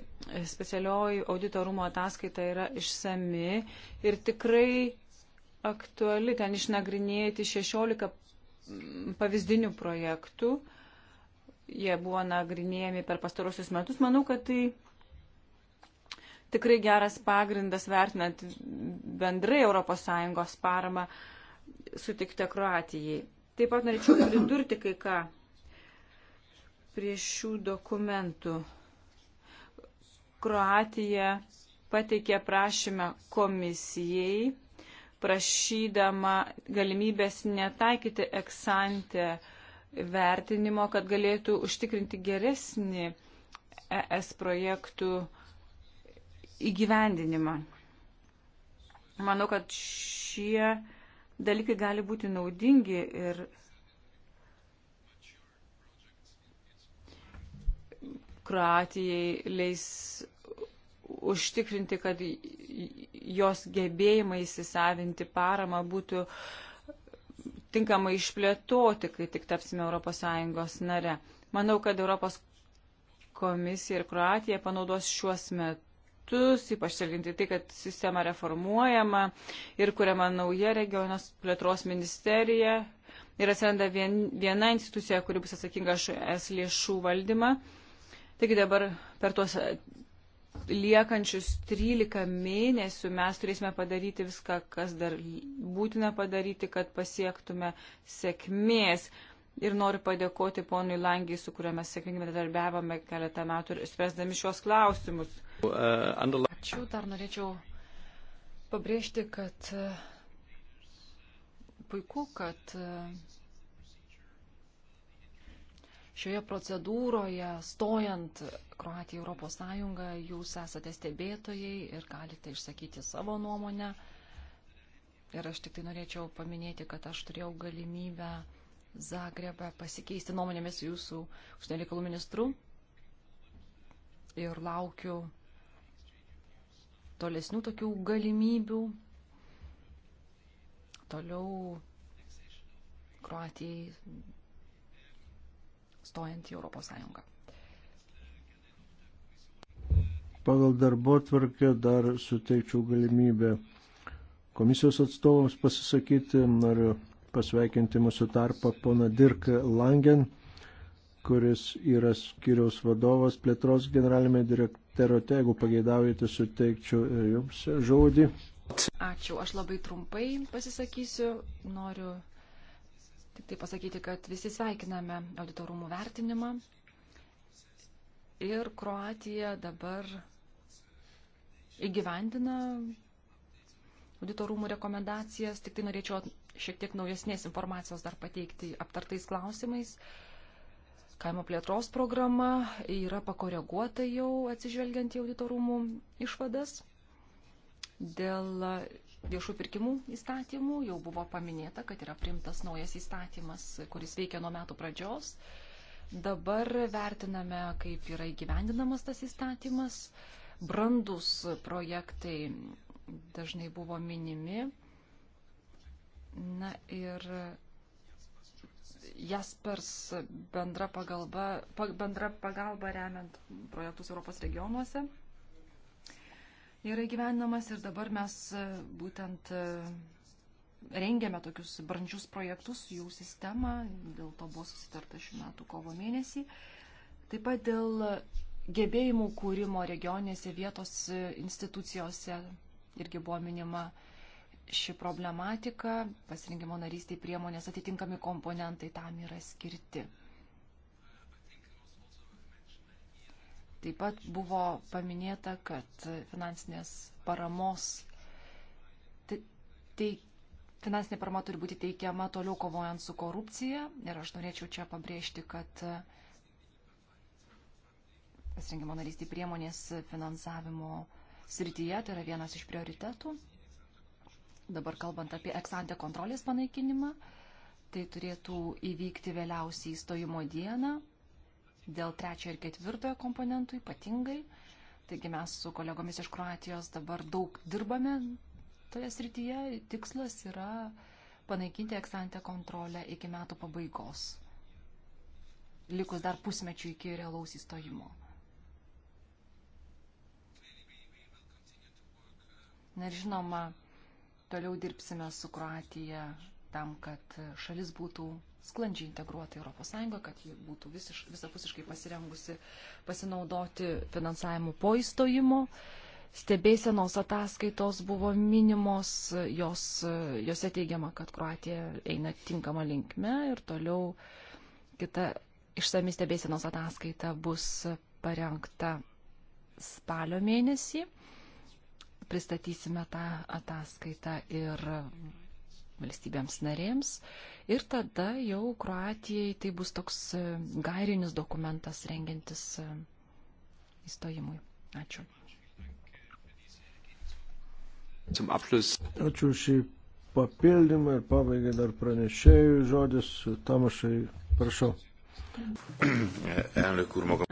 specialioji auditorumo ataskaita yra išsami ir tikrai aktuali. Ten išnagrinėti 16 pavyzdinių projektų. Jie buvo nagrinėjami per pastarosius metus. Manau, kad tai tikrai geras pagrindas vertinant bendrai ES paramą sutikti Kroatijai. Taip pat norėčiau pridurti kai ką prie šių dokumentų. Kroatija pateikė prašymą komisijai, prašydama galimybės netaikyti eksantę vertinimo, kad galėtų užtikrinti geresnį ES projektų įgyvendinimą. Manau, kad šie dalykai gali būti naudingi ir Kroatijai leis užtikrinti, kad jos gebėjimai įsisavinti paramą būtų tinkamai išplėtoti, kai tik tapsime ES nare. Manau, kad Europos komisija ir Kroatija panaudos šiuos metus, ypač žvelginti tai, kad sistema reformuojama ir kuriama nauja regionos plėtros ministerija ir atsiranda vien, viena institucija, kuri bus atsakinga už es lėšų valdymą. Taigi dabar per tuos liekančius 13 mėnesių mes turėsime padaryti viską, kas dar būtina padaryti, kad pasiektume sėkmės. Ir noriu padėkoti ponui Langiai, su kuriuo mes sėkmingai darbiavome keletą metų ir spręsdami šios klausimus. Ačiū, dar norėčiau pabrėžti, kad e, puiku, kad e, šioje procedūroje, stojant Kroatijai Europos Sąjungą, jūs esate stebėtojai ir galite išsakyti savo nuomonę. Ir aš tik tai norėčiau paminėti, kad aš turėjau galimybę Zagrebę pasikeisti nuomonėmis jūsų užsienio reikalų ministru ir laukiu tolesnių tokių galimybių. Toliau Kroatijai stojant į Europos Sąjungą. Pagal darbo tvarkę dar suteikčiau galimybę komisijos atstovams pasisakyti. Noriu pasveikinti mūsų tarpą poną Dirką Langen, kuris yra skiriaus vadovas plėtros generalinėme direktorate. Jeigu pageidaujate, suteikčiau ir jums žodį. Ačiū, aš labai trumpai pasisakysiu. Noriu Tik tai pasakyti, kad visi sveikiname auditorumų vertinimą. Ir Kroatija dabar įgyvendina auditorumų rekomendacijas. Tik tai norėčiau šiek tiek naujesnės informacijos dar pateikti aptartais klausimais. Kaimo plėtros programa yra pakoreguota jau atsižvelgiant į auditorumų išvadas dėl viešų pirkimų įstatymų. Jau buvo paminėta, kad yra primtas naujas įstatymas, kuris veikia nuo metų pradžios. Dabar vertiname, kaip yra įgyvendinamas tas įstatymas. Brandus projektai dažnai buvo minimi. Na ir Jaspers bendra pagalba, bendra pagalba remiant projektus Europos regionuose yra įgyvendinamas ir dabar mes e, būtent e, rengėme tokius brandžius projektus, jų sistemą, dėl to buvo susitarta šių metų kovo mėnesį. Taip pat dėl gebėjimų kūrimo regionėse vietos institucijose irgi buvo minima ši problematika, pasirinkimo narystiai priemonės atitinkami komponentai tam yra skirti. Taip pat buvo paminėta, kad finansinės paramos, tai, tai, finansinė parama turi būti teikiama toliau kovojant su korupcija. Ir aš norėčiau čia pabrėžti, kad pasirinkimo narystį priemonės finansavimo srityje tai yra vienas iš prioritetų. Dabar kalbant apie eksantę kontrolės panaikinimą, tai turėtų įvykti vėliausiai įstojimo dieną dėl trečiojo ir ketvirtojo komponentų ypatingai. Taigi mes su kolegomis iš Kroatijos dabar daug dirbame toje srityje. Tikslas yra panaikinti eksantę kontrolę iki metų pabaigos, likus dar pusmečių iki realaus įstojimo. Na ir žinoma, toliau dirbsime su Kroatija tam, kad šalis būtų sklandžiai integruota į ES, kad ji būtų visiš, visapusiškai pasirengusi pasinaudoti finansavimu po įstojimo. Stebėsenos ataskaitos buvo minimos, jos, jose teigiama, kad Kroatija eina tinkama linkme ir toliau kita išsami stebėsenos ataskaita bus parengta spalio mėnesį pristatysime tą ataskaitą ir valstybėms narėms. Ir tada jau Kroatijai tai bus toks e, gairinis dokumentas rengiantis e, įstojimui. Ačiū. Ačiū šį papildymą ir pabaigai dar pranešėjų žodis. Tamašai, prašau.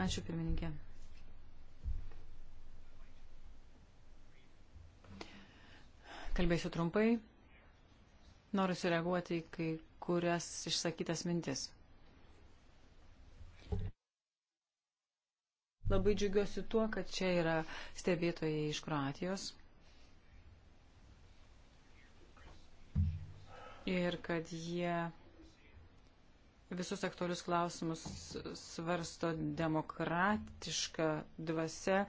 Ačiū pirmininkė. Kalbėsiu trumpai. Noriu sureaguoti į kai kurias išsakytas mintis. Labai džiugiuosi tuo, kad čia yra stebėtojai iš Kroatijos. Ir kad jie visus aktualius klausimus svarsto demokratišką dvasę,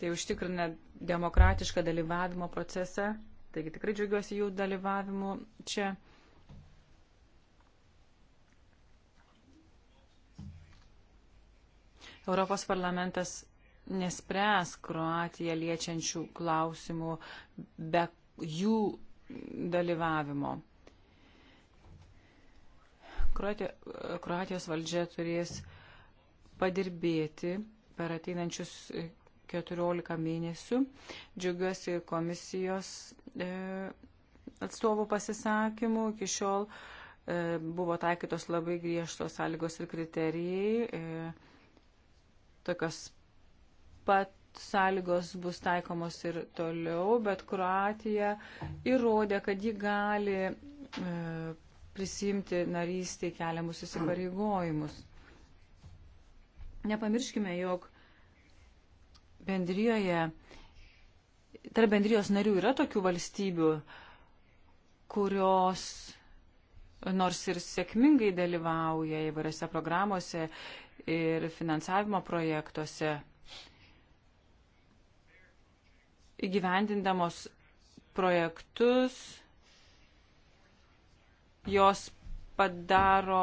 tai užtikrina demokratišką dalyvavimo procesą Taigi tikrai džiaugiuosi jų dalyvavimu čia. Europos parlamentas nespręs Kroatiją liečiančių klausimų be jų dalyvavimo. Kroatijos valdžia turės padirbėti per ateinančius 14 mėnesių. Džiaugiuosi komisijos E, atstovų pasisakymų. Iki šiol e, buvo taikytos labai griežtos sąlygos ir kriterijai. E, tokios pat sąlygos bus taikomos ir toliau, bet Kroatija įrodė, kad ji gali prisimti narystį keliamus įsipareigojimus. Nepamirškime, jog bendrijoje tarp bendrijos narių yra tokių valstybių, kurios nors ir sėkmingai dalyvauja įvairiose programuose ir finansavimo projektuose, įgyvendindamos projektus, jos padaro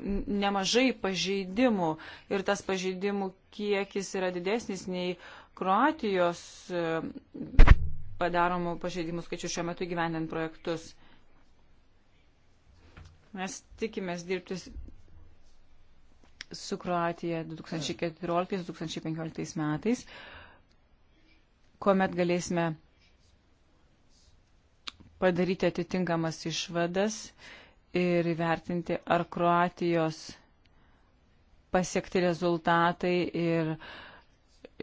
nemažai pažeidimų ir tas pažeidimų kiekis yra didesnis nei uh, Kroatijos e, padaromų pažeidimų skaičių šiuo metu gyvendant projektus. Mes tikimės dirbti su Kroatija 2014-2015 metais, kuomet galėsime padaryti atitinkamas išvadas ir įvertinti, ar Kroatijos pasiekti rezultatai ir uh,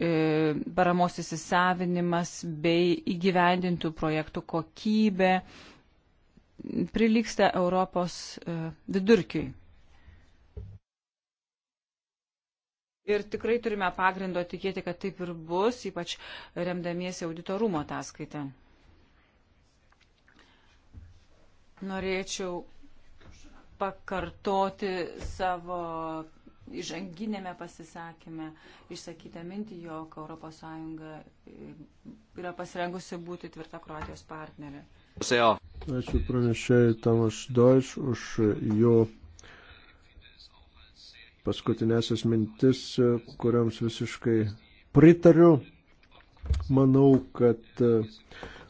E, paramos įsisavinimas bei įgyvendintų projektų kokybė priliksta Europos e, vidurkiui. Ir tikrai turime pagrindo tikėti, kad taip ir bus, ypač remdamiesi auditorumo ataskaitą. Norėčiau pakartoti savo įžanginėme pasisakymę išsakytą mintį, jog ES e, yra pasirengusi būti tvirta Kroatijos partnerė. Ačiū pranešėjai Tamas Deutsch už jo paskutinėsias mintis, kuriams visiškai pritariu. Manau, kad e,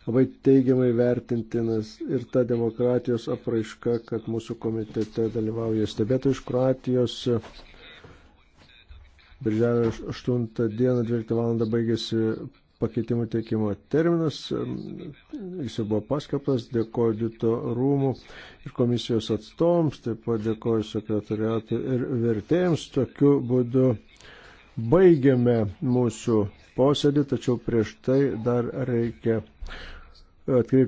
labai teigiamai vertintinas ir ta demokratijos apraiška, kad mūsų komitete dalyvauja stebėtojai iš Kroatijos. Birželio 8 dieną 12 val. baigėsi pakeitimų teikimo terminas. Jis jau buvo paskelbtas. Dėkoju Dito rūmų ir komisijos atstovams, taip pat dėkoju sekretariatui ir vertėjams. Tokiu būdu baigiame mūsų posėdį, tačiau prieš tai dar reikia atkreipti.